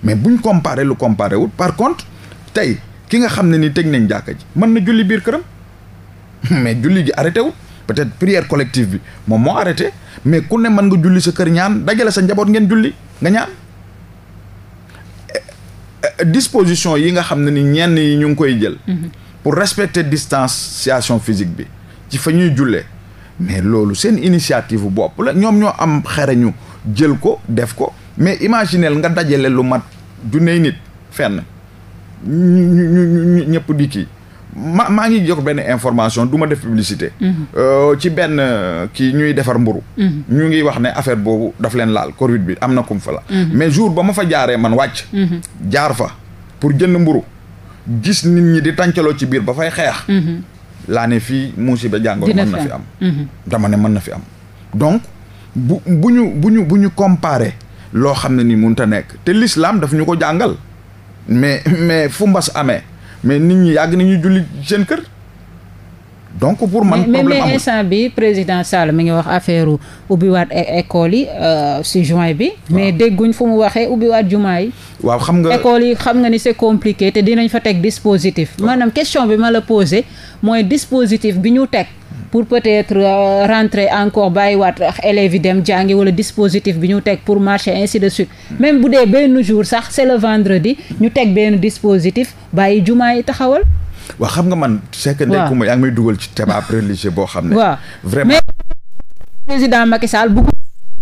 mais buñ comparé lu comparé wut par contre tey ki nga xam ne ni teg nañ jàkka ji mën na julli biir këram mais julli ji arrêté wut peut-être prière collective bi moom moo arrêté mais ku ne mën nga julli sa kër ñaan dajale sa njaboot ngeen julli nga ñaan. Eh, eh, disposition yi nga xam ne ni ñenn yi ñu ngi koy jël. Mhm. pour respecter distanciation physique bi ci fa ñuy jullee mais loolu seen initiative bopp la ñoom ñoo am ñu jël ko def ko mais imaginel nga dajee dajale lu mat junni nit fenn ñu ñu di kii ma maa ngi jox benn information du ma def publicité. Mhm. Euh, ci benn euh, kii ñuy defar mburu mhm. ñu ngi wax ne affaire boobu daf leen laal Covid bi am na kum fa la. Mhm. mais jour ba ma fa jaaree man wàcc. jaar fa pour jënd mburu gis nit ñi di tàncaloo ci biir ba fay xeex mhm. laa ne fii musiba jàngoro man na fi am mhm. dama ne mën na fi am donc bu bu ñu bu ñu bu ñu comparé loo xam ne ni munta nekk te l'islam daf ñu ko jàngal mais mais fu mbas amee mais nit ñi yàgg nañu julli seen kër donc pour man problème mais instant bi président Sall mi ngi wax affaire ubbiwaat e, école yi euh, si juin bi. mais dégguñ fu mu waxee ubbiwaat jumaa yi. waaw xam nga école yi xam nga ni c'est compliqué te dinañ fa teg dispositif. maanaam question bi ma la posé mooy dispositif bi ñu teg. pour peut-être rentre euh, rentrer encore bàyyiwaat élèves yi dem jàngi wala dispositif bi ñu teg pour marcher ainsi de suite hmm. même bu dee benn jour sax c'est le vendredi ñu teg benn dispositif bàyyi jumaa yi taxawal waaw xam nga man. waaw c'est que Ndeye Comba yaa ngi may dugal ci débat religieux boo xam ne. waaw vraiment président Macky Sall bu.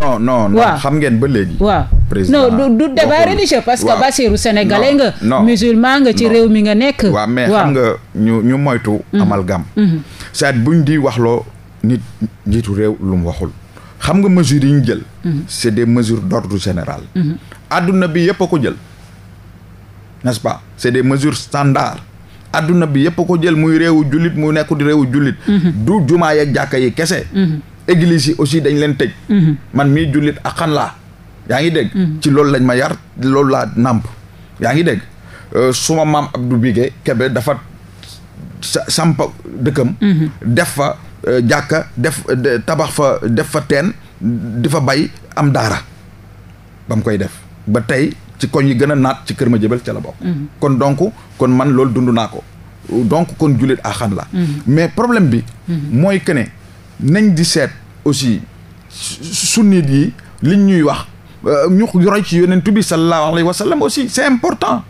non non non xam ngeen ba léegi. waaw président non du débat religieux parce que Bassirou sénégalais nga. musulman nga ci réew mi nga nekk. waaw mais xam nga ñu ñu moytu. Mhm. amalgame. Mhm. c'est-à-dire buñ di waxloo nit njiitu réew lu mu waxul. xam nga mesures yi ñu jël. Mhm. c'est des mesures d'ordre général. adduna bi yépp ko jël. n'est-ce c'est des mesures standards. adduna bi yëpp ko jël muy réewu jullit mu nekkul réewu jullit mhm. du jumaa yeeg jàkka yi kese mhm. église yi aussi dañ leen tëj mhm. man mii jullit ak xan yaa ngi dégg ci loolu lañ ma yar loolu laa nàmp yaa ngi dégg euh, suma maam Abdou Bigué Kébé dafa sampa dëkkam def fa euh, jàkka def tabax fa def fa teen di fa bay am daara ba mu koy def ba tey ci kon yi gën a naat ci kër ma jëbal ca la bokk. Mhm. kon donc kon man loolu dund naa ko donc kon jullit axan la mhm. mais problème bi mhm. mooy que ne nañ di seet aussi sunnit yi liñ ñuy wax euh, ñu roy ci yonent bi sallallahu alayhi wa sallam aussi c'est important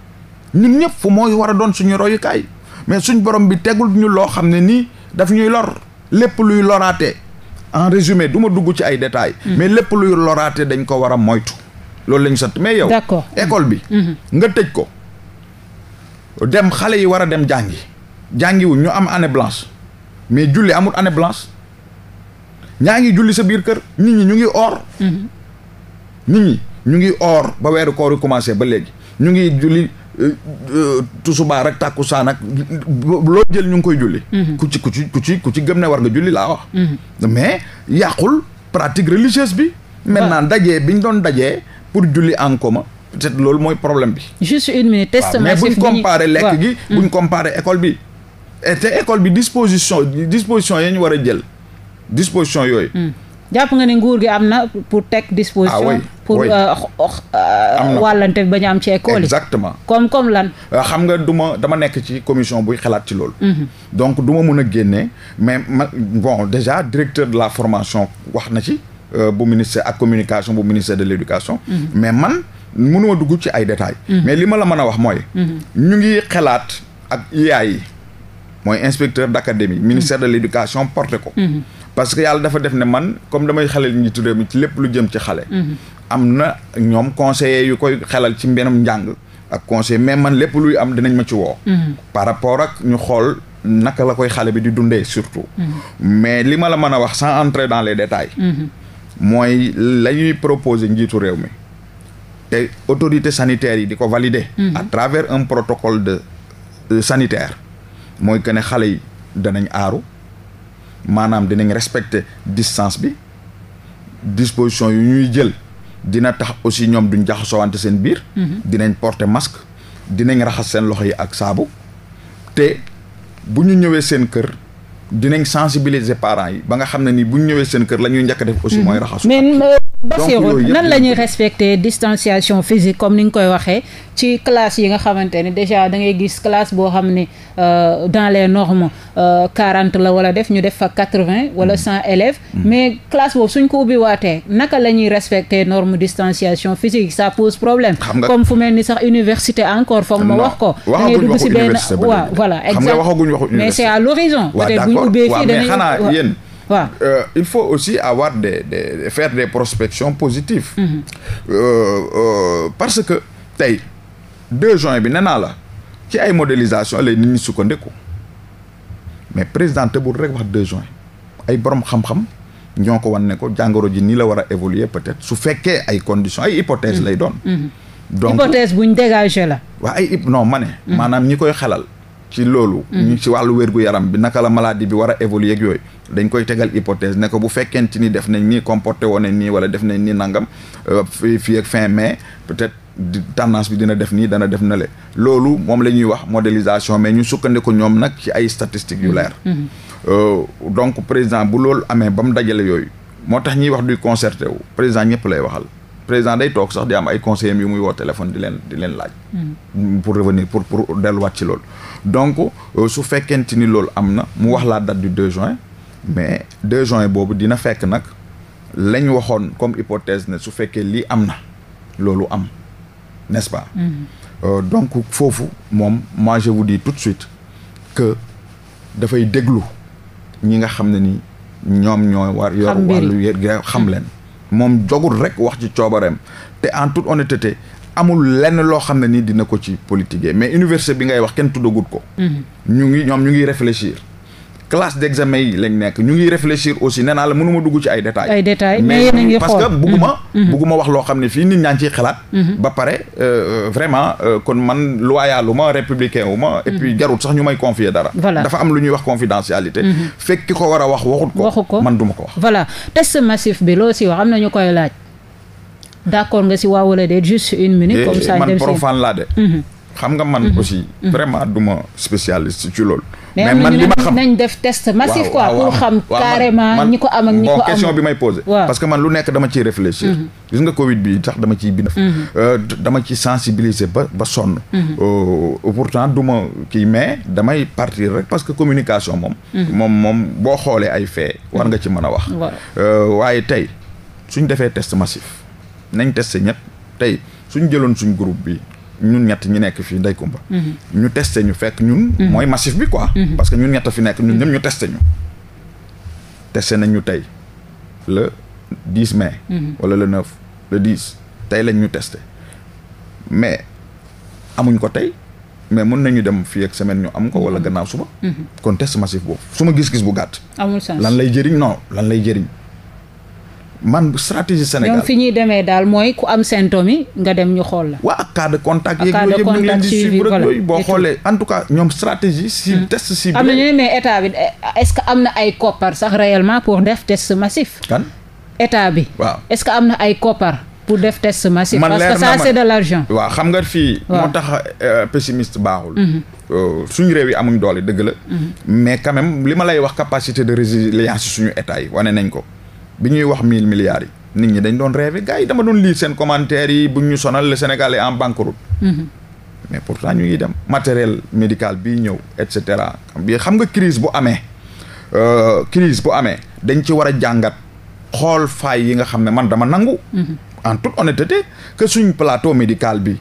ñun ñëpp fu mooy war a doon suñu royukaay mais suñ borom bi tegul ñu loo xam ne nii daf ñuy lor lépp luy loraate en résumé du ma dugg ci ay détails mais lépp luy loraate dañ ko war a moytu loolu la ñu sant mais yow. d'accord bi. Mhm. Mhm. nga tëj ko. dem xale yi war a dem jàngi. jàngiwuñ ñu am année blanche. mais julli amul année blanche. ñaa ngi julli sa biir kër. nit ñi ñu ngi or. Mhm. nit ñi ñu ngi or ba weeru koor yi ba léegi ñu ngi julli. Euh, euh, tusubaar rek takku ak loo jël ñu ngi koy julli ku ci ku ci ku ci ku ci gëm ne war nga julli laa wax mais yàqul pratique religieuse bi maintenant dajee biñ doon dajee pour julli en commun peut loolu mooy problème bi. juste une minute testament mais buñ comparé lekk gi. Hmm. buñ comparé école bi. te école bi disposition disposition yi ñu war a jël disposition yooyu. Hmm. jàpp nga ni nguur gi am na pour teg disposition. Ah oui, pour euh, euh, wàllante ba ñu am ci école yi. exactement comme comme lan. Euh, xam nga du ma dama nekk ci commission buy xalaat ci loolu. Hmm. donc du ma mën a génne mais ma bon déjà directeur de la formation wax na ci. Euh, bu ministère ak communication bu ministère de l'éducation mhm. mais man mënuma dugg ci ay détails mhm. mais li ma la mën a wax mooy mhm. ñu ngi xalaat ak IA yi mooy inspecteur d'académie ministère de l'éducation porté ko parce que yàlla dafa def ne man comme damay xelal njiitu réew mi ci lépp lu jëm ci xale am na ñoom conseillers yu xelal ci mbenum njàng ak conseil mais man lépp luy am dinañ ma ci woo par rapport ak ñu xool naka la koy xale bi di dundee surtout mais li ma la mën a wax sans entrer dans les détails mooy la ñuy njiitu réew mi te autorité sanitaires yi di ko valider. Mhm. à travers un protocole de, de euh, sanitaire mooy que ne xale yi danañ aaru maanaam dinañ respecté distance bi disposition yu ñuy jël dina tax aussi ñoom duñ jaxasoowante seen biir mhm. dinañ porter masque dinañ raxas seen loxo yi ak saabu te bu ñu ñëwee seen kër dinañ sensibiliser parents yi ba nga xam ne ni bu ñu ñëwee seen kër la ñuy njëkk def aussi mm-hmm. mooy raxasu Bassirou nan la ñuy respecter distanciation physique comme ni nga koy waxee ci classe yi nga xamante ne déjà da ngay gis classe boo xam ne euh, dans les normes euh, quarante la wala def ñu def fa quatre-vingts wala mm. cent élèves mm. mais classe boobu suñ ko ubbi waatee naka la ñuy respecter norme distanciation physique sa pose problème comme fu mel ni sax université encore foog ma wax ko da ngay dugg si benn waaw voilà exact mais c'est à l'horizon peut-être bu ñu waaw euh, il faut aussi avoir des des faire des prospections positives. Mm parce que tey 2 juin bi nee naa la ci ay modélisation lay nit ñi sukkandiku mais président tëbul rek wax 2 juin ay borom xam-xam. ñoo ko wan ko jàngoro ji nii la war a évoluer peut-être su fekkee ay condition ay hypothèses mhm. lay doon. Mhm. donc hypothèse buñ dégagé la. waaw ay non ma mhm. maanaam ñi koy xelal. ci loolu si mm-hmm. ci wàllu wér yaram bi naka la maladie bi war a évoluer ak yooyu dañ koy tegal hypothèse ne ko bu fekkente ni def nañ nii comporter woon nañ nii wala def nañ nii nangam euh, fii ak fin mais peut-être tendance bi dina def nii dana def na loolu moom la ñuy wax modélisation mais ñu sukkandiku ñoom nag ci ay statistiques yu leer mm-hmm. euh, donc président bu loolu amee ba mu dajale yooyu moo tax ñuy wax duy concerté wu président ñëpp lay waxal président day toog sax di am ay conseillers yu muy woo téléphone di leen di leen laaj. Hmm. pour revenir pour pour delluwaat loolu. donc euh, su fekkente ni loolu am na mu wax la date du 2 juin mais 2 juin boobu dina fekk nag lañ waxoon comme hypothèse ne su fekkee lii am na loolu am n'est-ce pas. Hmm. Euh, donc foofu moom moi je vous dis tout de suite que dafay déglu ñi nga xam ne ni ñoom ñoo war yor wàllu xam leen moom jogul rek wax ci coobareem te en toute honnêteté amul lenn xam ne dina ko ci politiquer mais université bi ngay wax kenn tuddagut ko. Mm-hmm. ñu ngi ñoom ñu ngi réfléchir. classe d' yi lañ nekk ñu ngi réfléchir aussi nee naa la mënuma dugg ci ay détails. ay détails mais mais parce que bugguma. Mm-hmm. Mm-hmm. bugguma wax loo xam ne fi nit ñaa ngi ciy xalaat. Mm-hmm. ba pare euh, euh, vraiment euh, kon man loyalu ma républicain wu ma. et sax ñu may confier dara. voilà dafa am lu ñuy wax confidentialité. fekk ki ko war a wax waxut ko. waxut ko man duma ko wax. voilà test massif bi loo si wax am na ñu koy laaj. d' accord nga si waaw wala déet eh, man profane laa de. xam nga man aussi. vraiment duma spécialiste ci loolu. mais man li ma xam nañ def test massif quoi pour xam carrément ñi ko am ak ñi ko am question bi may posé parce que man lu nekk dama ciy réfléchir mhm. gis nga Covid bi tax dama ciy bind mhm. euh, dama ci sensibiliser ba ba sonn mhm. euh, pourtant du ma kii mais damay partir rek parce que communication moom moom moom boo xoolee ay fee war nga ci mën a wax euh, waaye tey suñ defee test massif nañ testé ñett tey suñ jëloon suñ group bi ñun ñett ñu nekk fii ndey kumba mhm. ñu teste ñu fekk ñun mhm. mooy massif bi quoi mhm. parce que ñun ñett fi nekk ñun ñëpp ñu testé ñu testé nañ ñu tey le 10 mai wala le 9 le 10 tey lañ ñu teste mais amuñ ko tey mais mën nañu dem fii ak semaine ñu am ko wala gannaaw suba kon test massif boobu su ma gis-gis bu gàtt amul sens lan lay jëriñ non lan lay jëriñ man stratégie Sénégal ñoom fi ñuy demee daal mooy ku am symptôme yi nga dem ñu xool la. waaw ak cas de contact ah, yeeg yooyu yëpp ñu ngi leen di boo xoolee en tout cas ñoom stratégie. si hmm. test ciblé am na ñu mais état bi eh, est-ce que am na ay koppar sax réellement pour def test massif. kan état bi. waaw est-ce que am na ay koppar. pour def test massif. man parce que ça c'est de l'argent. xam nga fii. moo tax euh, pessimiste baaxul. Hmm. Euh, suñu réew yi amuñ doole dëgg la. Hmm. mais quand li ma lay wax capacité de résilience suñu état yi wane nañ ko. bi ñuy wax mille milliards yi nit ñi dañ doon rêver gars yi dama doon lii seen commentaires yi bu ñu sonal le Sénégal est en banqueroute mhm. mais pourtant ñu ngi dem matériel médical bii ñëw et cetera bi xam nga crise bu amee euh, crise bu amee dañ ci war a jàngat xool faay yi nga xam ne man dama nangu mhm. en toute honnêteté que suñ plateau médical bi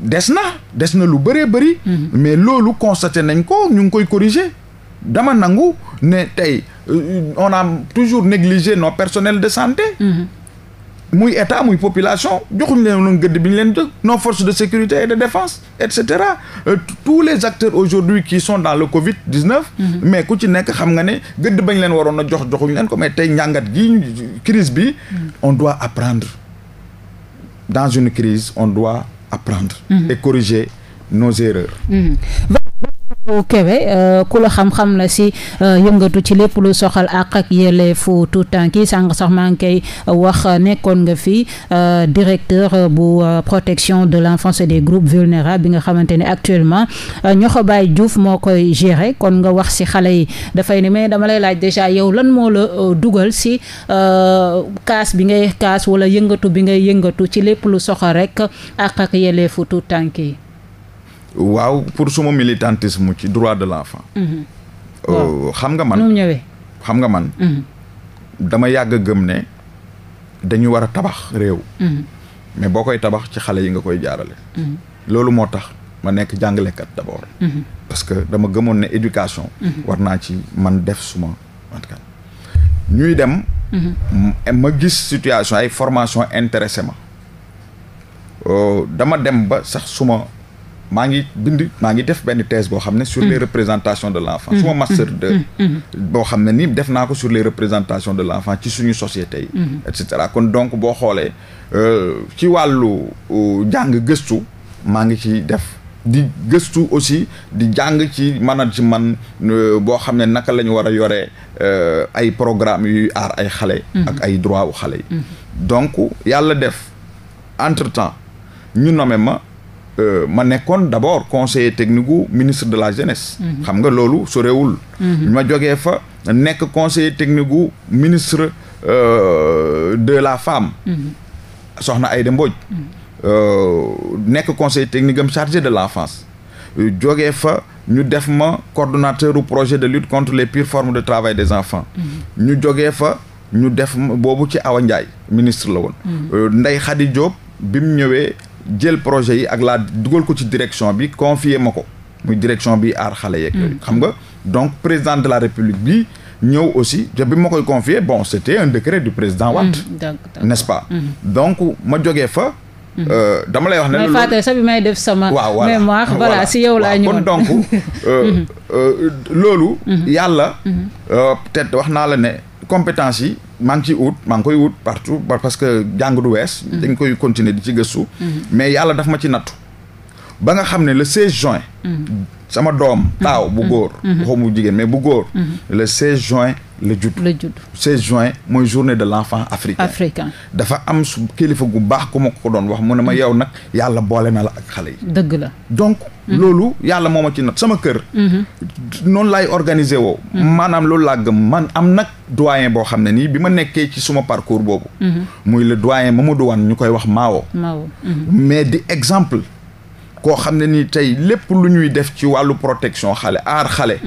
des na des na lu bëree bëri mhm. mais loolu constaté nañ ko ñu ngi koy corriger dama nangu ne tey euh, on a toujours négligé nos personnels de santé. Mhm. muy état muy population joxuñu leen woon gëdd bi ñu leen jox nos force de sécurité et de défense et cetera euh, tous les acteurs aujourd'hui qui sont dans le Covid 19. Mhm. mais ku ci nekk xam nga ne gëdd bañ leen waroon a jox joxuñu leen ko mais tey njàngat gi crise bi. Mhm. on doit apprendre dans une crise on doit apprendre. et corriger nos erreurs. bu Kebe euh, ku la xam-xam la si euh, yëngatu ci lépp lu soxal àq ak yelleefu tout temps ki sànq sax maa ngi koy wax nekkoon nga fi euh, directeur bu protection de l'enfance et des groupes vulnérables bi nga xamante ne actuellement bàyyi Diouf moo koy gérer kon nga wax si xale yi dafay ne mais dama lay laaj déjà yow lan moo la dugal si kaas bi ngay kaas wala yëngatu bi ngay yëngatu ci lépp lu soxal rek àq ak yelleefu tout temps yi waaw pour suma militantisme ci droit de l'enfant mm-hmm. euh, xam nga man nga man mm-hmm. dama yàgg gëm ne dañu war a tabax réew mm-hmm. mais boo koy tabax ci xale yi nga koy jaarale loolu moo tax ma nekk jàngalekat d'abord parce que dama gëmoon ne éducation war naa ci man def suma en dem ma gis situation ay formation intéressé ma euh, dama dem ba sax suma maa ngi bind maa ngi def benn thèse boo xam ne sur les mm. représentations de l' enfant mm. suma master mm. de boo xam ne ni def naa ko sur les représentations de l' enfant ci suñu société yi mm-hmm. et cetera kon donc boo xoolee euh, ci wàllu euh, jàng gëstu maa ngi ci def di gëstu aussi di jàng ci ci man euh, boo xam ne naka la ñu war a yoree ay programme yuy aar ay xale mm-hmm. ak ay droit wu xale yi mm-hmm. donc yàlla def entre temps ñu nommé Euh, ma nekkoon d' abord conseiller technique gu ministre de la jeunesse. Mhm. xam nga loolu sorewul. Mhm. ma jógee fa nekk conseiller technique gu ministre euh, de la femme. Mhm. soxna Aïda Mbodj. Euh, nekk conseiller technique am chargé de l' enfance. jógee fa ñu def ma coordonnateur u projet de lutte contre les pires formes de travail des enfants. ñu jógee fa ñu def ma boobu ci Awa Ndiaye ministre la woon. Ndeye Khady Diop bi ñëwee. jël projet yi ak laa dugal ko ci direction bi confier ma ko muy direction bi aar xale yeeg mm. xam nga donc président de la république bi ñëw aussi te bi ma koy confier bon c'était un décret du président mm. Wade nest pas mm. donc ma jógee fa euh, dama lay wax ne may fàttali sax bi may def sama mémoire voilà si yow laa ñëwoon kon euh, mm-hmm. euh, loolu mm-hmm. yàlla mm-hmm. peut wax naa la ne compétence yi maa ngi ciy ut maa ngi koy ut partout parce que jàng du wees. Mhm. dañ koy continuer di ci gëstu. Mhm. mais yàlla daf ma ci nattu. ba nga xam ne le 16 juin. Mhm. sama doom taaw bu góor. waxuma bu jigéen mais bu góor. le 16 juin. la judd la judd 16 juin mooy journée de l' enfant africain africain dafa am su kilifa gu baax ku ma ko doon wax mu ne ma mm. yow nag yàlla boole na la ak xale yi. dëgg la donc. Mm. loolu yàlla moo ma ci nat sama kër. Mm-hmm. noonu laay organiser woo. Mm-hmm. maanaam loolu laa gëm man am nag doyen boo xam ne nii bi ma nekkee ci suma parcours boobu. Mm-hmm. muy le doyen Mamadou Wane ñu koy wax Mao. Mao mais di exemple. koo xam ne nii tey lépp lu ñuy def ci wàllu protection xale aar xale.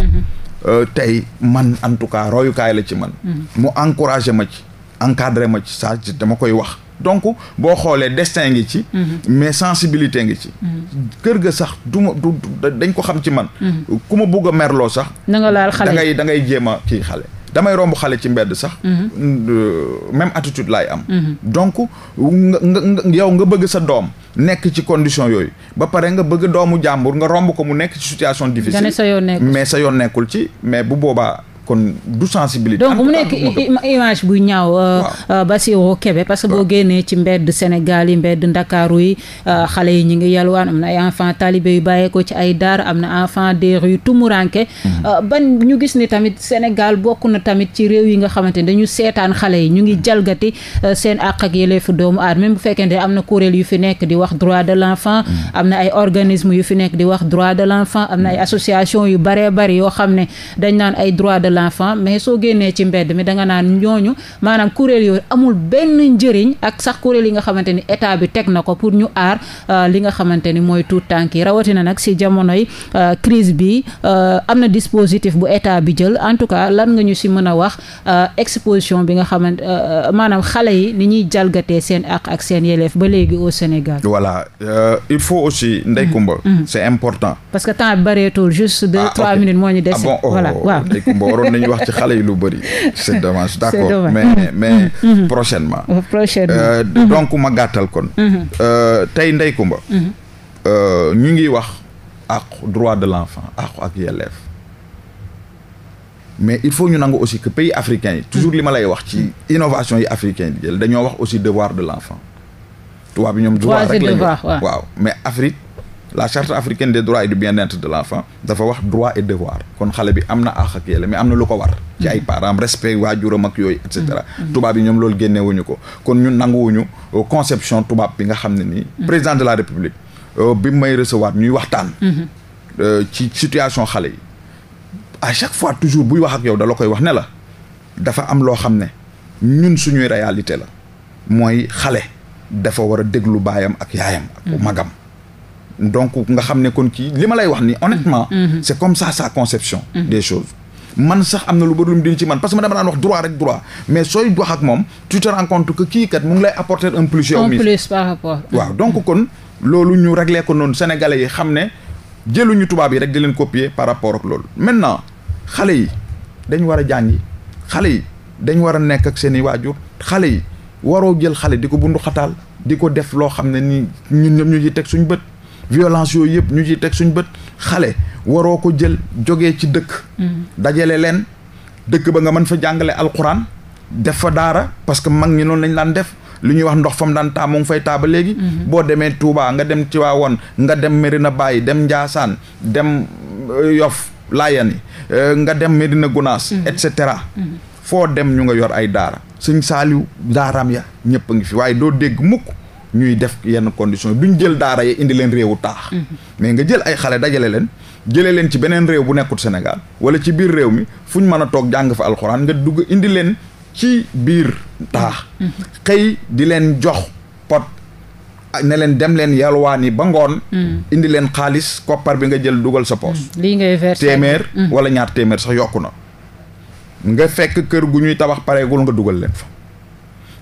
Euh, tey man en tout cas royukaay la ci man mm-hmm. mu encouragé ma ci encadré ma ci saa dama koy wax donc boo xoolee destin ngi ci mm-hmm. mais sensibilité ngi ci mm-hmm. kër ga sax du ma du dañ ko xam ci man ku ma bugg a merloo sax da ngay da ngay jéem a kii xale damay romb xale ci mbedd sax euh, même attitude laay am donc yow nga bëgg sa doom nekk ci condition yooyu ba pare nga bëgg doomu jàmbur nga romb ko mu nekk ci situation difficile mais sa yoon nekkul ci mais bu boobaa kon du sensibilité. donc mu nekk image bu ñaaw. Euh, waaw euh, Bassirou Kébé parce que boo génnee ci mbedd Sénégal yi mbedd Ndakaaru yi euh, xale yi ñu ngi yalwaan am na ay enfant talibé yu bàyyeekoo ci ay daara am na enfant des yu tumuranke mhm. ban ñu gis ni tamit Sénégal bokk na tamit ci réew yi nga xamante ne dañu seetaan xale yi ñu ngi jalgati seen àq ak fu doomu aadama même bu fekkee ne am na kuréel yu fi nekk di wax droit de l'enfant. Mhm. am na ay organisme yu fi nekk di wax droit de l'enfant am na yu baree droit de l'enfant mais soo génnee ci mbedd mi danga naan ñooñu maanaam kuréel yooyu amul benn njëriñ ak sax kuréel yi nga xamante ni état bi teg na ko pour ñu aar euh, li nga xamante ni mooy tuut tànk yi rawatina nag si jamonoy euh, crise bi euh, am na dispositif bu état bi jël en tout cas lan nga ñu si mën a wax exposition bi nga xamante maanaam xale yi ni ñuy jalgatee seen ak ak seen yelleef ba léegi au Sénégal. wala euh, il faut aussi. Ndeye Comba mm-hmm. mm-hmm. c'est important. parce que temps waroon nañu wax ci xale yi lu bëri. c'est dommage d'accord dommage. Mm-hmm. mais mais. Mmh. prochainement. prochainement. Euh, mmh. donc ma gàttal kon. Mm-hmm. Euh, tey Ndeye Comba. Euh, ñu ngi wax ak droit de l'enfant ak ak yelleef mais il faut ñu nangu aussi que pays africain yi. toujours li lay wax ci innovation yi africain yi jël dañoo wax aussi devoir de l'enfant. tubaab bi ñoom la ñu waaw mais Afrique. la charte africaine des droits et du bien-être de l'enfant dafa wax droit et devoir kon xale bi am na àq ak yelleef mais am na lu ko war ci ay parents respect waajuram ak yooyu et cetera mm-hmm. Mm-hmm. tubaab yi ñoom loolu ñu ko kon ñun ñu euh, conception tubaab bi nga xam ne nii mm-hmm. président de la république euh, bi may recevoir ñuy waxtaan euh, ci situation xale yi à chaque fois toujours buy wax ak yow da koy wax ne la dafa am loo xam ne ñun suñuy réalité la mooy xale dafa war déglu baayam ak yaayam ak magam donc nga xam ne kon kii li ma lay wax ni honnêtement mhm. Mhm. c'est comme ça sa conception mhm. des choses man sax am na lu bëri lu mu dindi ci man parce que ma dama daan wax droit rek droit mais sooy wax ak moom tu te rends compte que kii kat mu ngi lay apporter un plus plus par rapport waaw donc kon loolu ñu réglé ko noonu sénégalais yi xam ne jëluñu tubaab yi rek di leen copier par rapport ak loolu maintenant xale yi dañ war a jàngi xale yi dañ war a nekk ak seen i waajur xale yi waroo jël xale di ko bundu xataal di ko def loo xam ne ni ñun ñëpp ñu ci teg suñu bët violence yooyu yëpp ñu ci teg suñ bët xale waroo ko jël jógee ci dëkk mm. dajale leen dëkk ba nga mën fa jàngale alxuraan def fa daara parce que mag ñi noonu lañ daan def lu ñuy wax ndox fam daan taa mu ngi fay taa léegi mm-hmm. boo demee Touba nga dem Tivaouane nga dem Medina Baye dem Ndiassane dem euh, Yoff Layani euh, nga dem Medina Gounass mm-hmm. et cetera mm-hmm. foo dem ñu nga yor ay daara suñ Saaliw daaraam ya ñëpp ngi fi waaye doo dégg mukk ñuy def yenn condition duñ jël daara yi indi leen réewu taax mm-hmm. mais nga jël ay xale dajale leen jëlee leen ci beneen réew bu nekkul Sénégal wala ci biir réew mi fu ñu mën a toog jàng fa alxuraan nga dugg indi leen ci biir taax mm-hmm. xëy di leen jox pot ne leen dem leen yalwaani ba ngoon mm-hmm. indi leen xaalis koppar bi nga jël dugal sa poos lii ngay verser téeméer wala ñaar téeméer sax yokku na nga fekk kër gu ñuy tabax pareegul nga dugal leen fa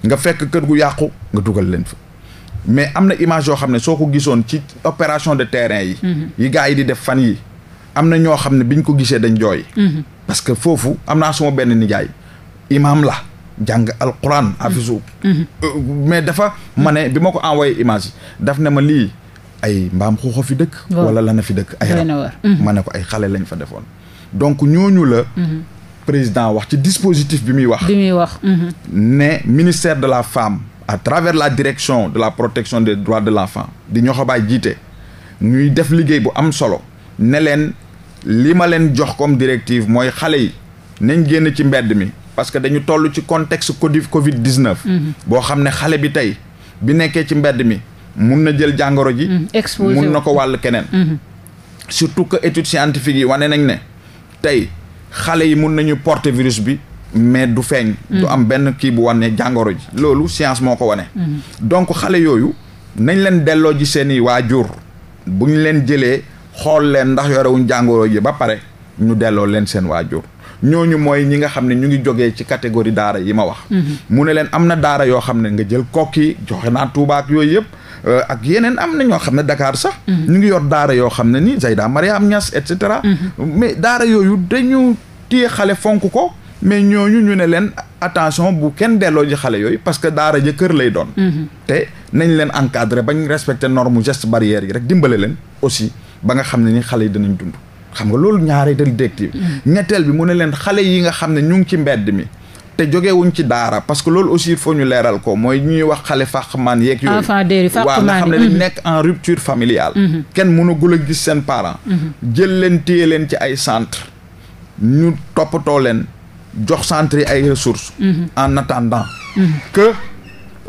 nga fekk kër gu yàqu nga dugal leen fa mais am na image yoo xam ne soo ko gisoon ci opération de terrain yi. Mhm. yi gars yi di def fan yi am na ñoo xam ne biñ ko gisee dañ jooy. Mhm. parce que foofu am naa suma benn nijaay imaam la jàng alquran afisu mhm. euh, mais dafa ma ne bi ma ko envoyé image daf ne ma lii ay mbaam xuuxo fi dëkk wala lana fi dëkk ay ma ne ko ay xale lañ fa defoon donc ñooñu la président wax ci dispositif bi muy wax bi muy wax ne ministère de la femme à travers la direction de la protection des droits de l'enfant di ñoxobaay jiite ñuy def liggéey bu am solo ne leen li ma leen jox comme directive mooy xale yi nañ génn ci mbedd mi parce que dañu toll ci contexte Covid 19. Mm-hmm. boo xam ne xale bi tey bi nekkee ci mbedd mi mun na jël jàngoro ji. Mm-hmm. mun na ko wàll keneen. Mm-hmm. surtout que études scientifiques yi wane nañ ne tey xale yi mun nañu porter virus bi. mais du feeñ. du am benn kii bu wane jàngoro ji. loolu science moo ko wane. Mm-hmm. donc xale yooyu nañ leen delloo ji seen i waajur bu ñu leen jëlee xool leen ndax yorewuñ jàngoro ji ba pare ñu delloo leen seen waajur. ñooñu mooy ñi nga xam ne ñu ngi jógee ci catégorie daara yi ma wax. Mm-hmm. mu ne leen am na daara yoo xam ne nga jël kokki joxe naa Tuuba yooyu yëpp. Euh, ak yeneen am na ñoo xam ne dakaar sax. Mm-hmm. ñu ngi yor daara yoo xam ne ni Zeyda Mariam Niass et cetera. mais daara yooyu dañu téye xale fonk ko. mais ñooñu ñu ne leen attention bu kenn delloo ji xale yooyu parce que daara ja kër lay doon. Mhm. te nañ leen encadré bañ respecté norme geste barrière yi rek dimbale leen aussi ba nga xam ne ni xale yi dinañ dund. xam nga loolu ñaaree dal directive mhm. ñetteel bi mu ne leen xale yi nga xam ne ñu ngi ci mbedd mi. te wuñ ci daara parce que loolu aussi foo ñu leeral ko mooy ñuy wax xale fàqmaan yeeg yooyu waaw nga xam ne dañ mhm. nekk en rupture familiale kenn mënagul a gis seen parents jël leen téye leen ci ay centre ñu toppatoo leen jox centre yi ay ressources. Mhm. en attendant. Mhm. que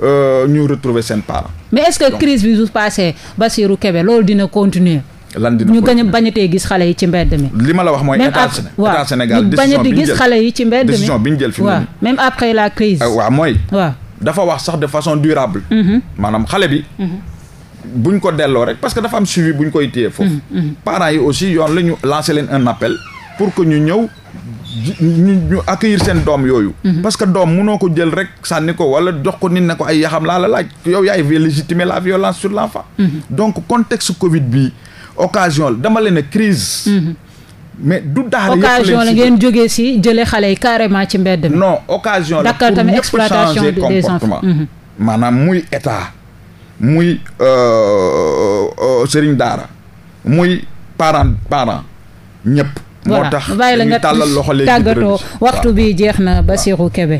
euh, ñu retrouver seen parent. mais est-ce que crise bi su passé Bassirou Kébé loolu dina continuer. ñu a bañatee gis xale yi ci mbedd mi. li la wax mooy état état Sénégal décision bi ñu jël ci mbedd bi ñu jël fi mu même après la crise euh, waaw mooy. dafa wax sax de façon durable. Mhm. maanaam xale bi. buñ ko delloo rek parce que dafa am suivi buñ koy téye foofu. parents yi aussi yoon la ñu lancé leen un appel pour que ñu ñëw. ñu accueillir seen doom yooyu mhm. parce que doom munoo ko jël rek sànni ko wala jox ko nit na ko ay yaxam laa la laaj yow yaay légitimer la violence sur l'enfant mhm. donc contexte covid bi occasion la dama leen crise mhm. mais du daara occasion la ngeen jógee si jëlee xale yi carrément ci mbedd mi non occasion la pour tamit exploitation des enfants maanaam muy état muy euh, euh, sëriñ daara muy parent parent ñëpp moo tax bàyyi la nga tàllal loxo tàggatoo waxtu bi jeex na Bassirou Kébé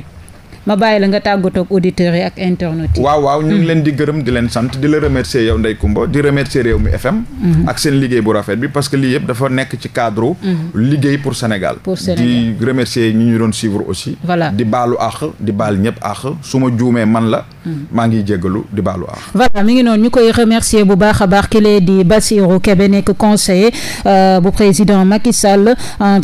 ma bàyyi la nga tàggatoog auditeurs yi ak internautes yi. waaw waaw ñu mm. leen di gërëm di leen sant di la remercier yow Ndeye Comba di remercier réew mi FM. Mm-hmm. ak seen liggéey bu rafet bi parce que lii yëpp dafa nekk ci cadre. Mm-hmm. liggéey pour Sénégal. pour Sénégal di remercier ñi ñu doon suivre aussi. di baalu àq di baal ñëpp àq su ma juumee man la. Mm-hmm. maa ngi jéggalu di baalu àq. voilà mi ngi noonu ñu koy remercier bu baax a baax ki lee di Bassirou Kébé nekk conseiller euh, bu président Macky Sall en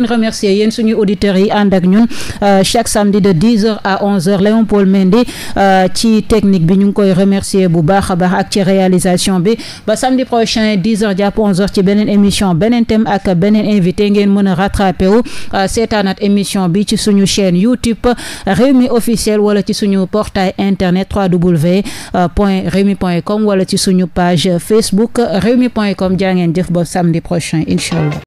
a leen remercier yéen suñu auditeurs yi ànd ak ñun euh, chaque samedi de 10h à 11h Léon Paul Mendy euh, ci technique bi ñu ngi koy remercier bu baax a baax ak ci réalisation bi ba samedi prochain 10h jàpp 11 ci beneen émission beneen thème ak beneen invité ngeen mën a rattrapé wu euh, seetaanat émission bi ci suñu chaîne YouTube Rewmi officiel wala ci suñu portail internet www.rewmi.com wala ci suñu page Facebook rewmi.com jaa ngeen jëf ba samedi prochain incha allah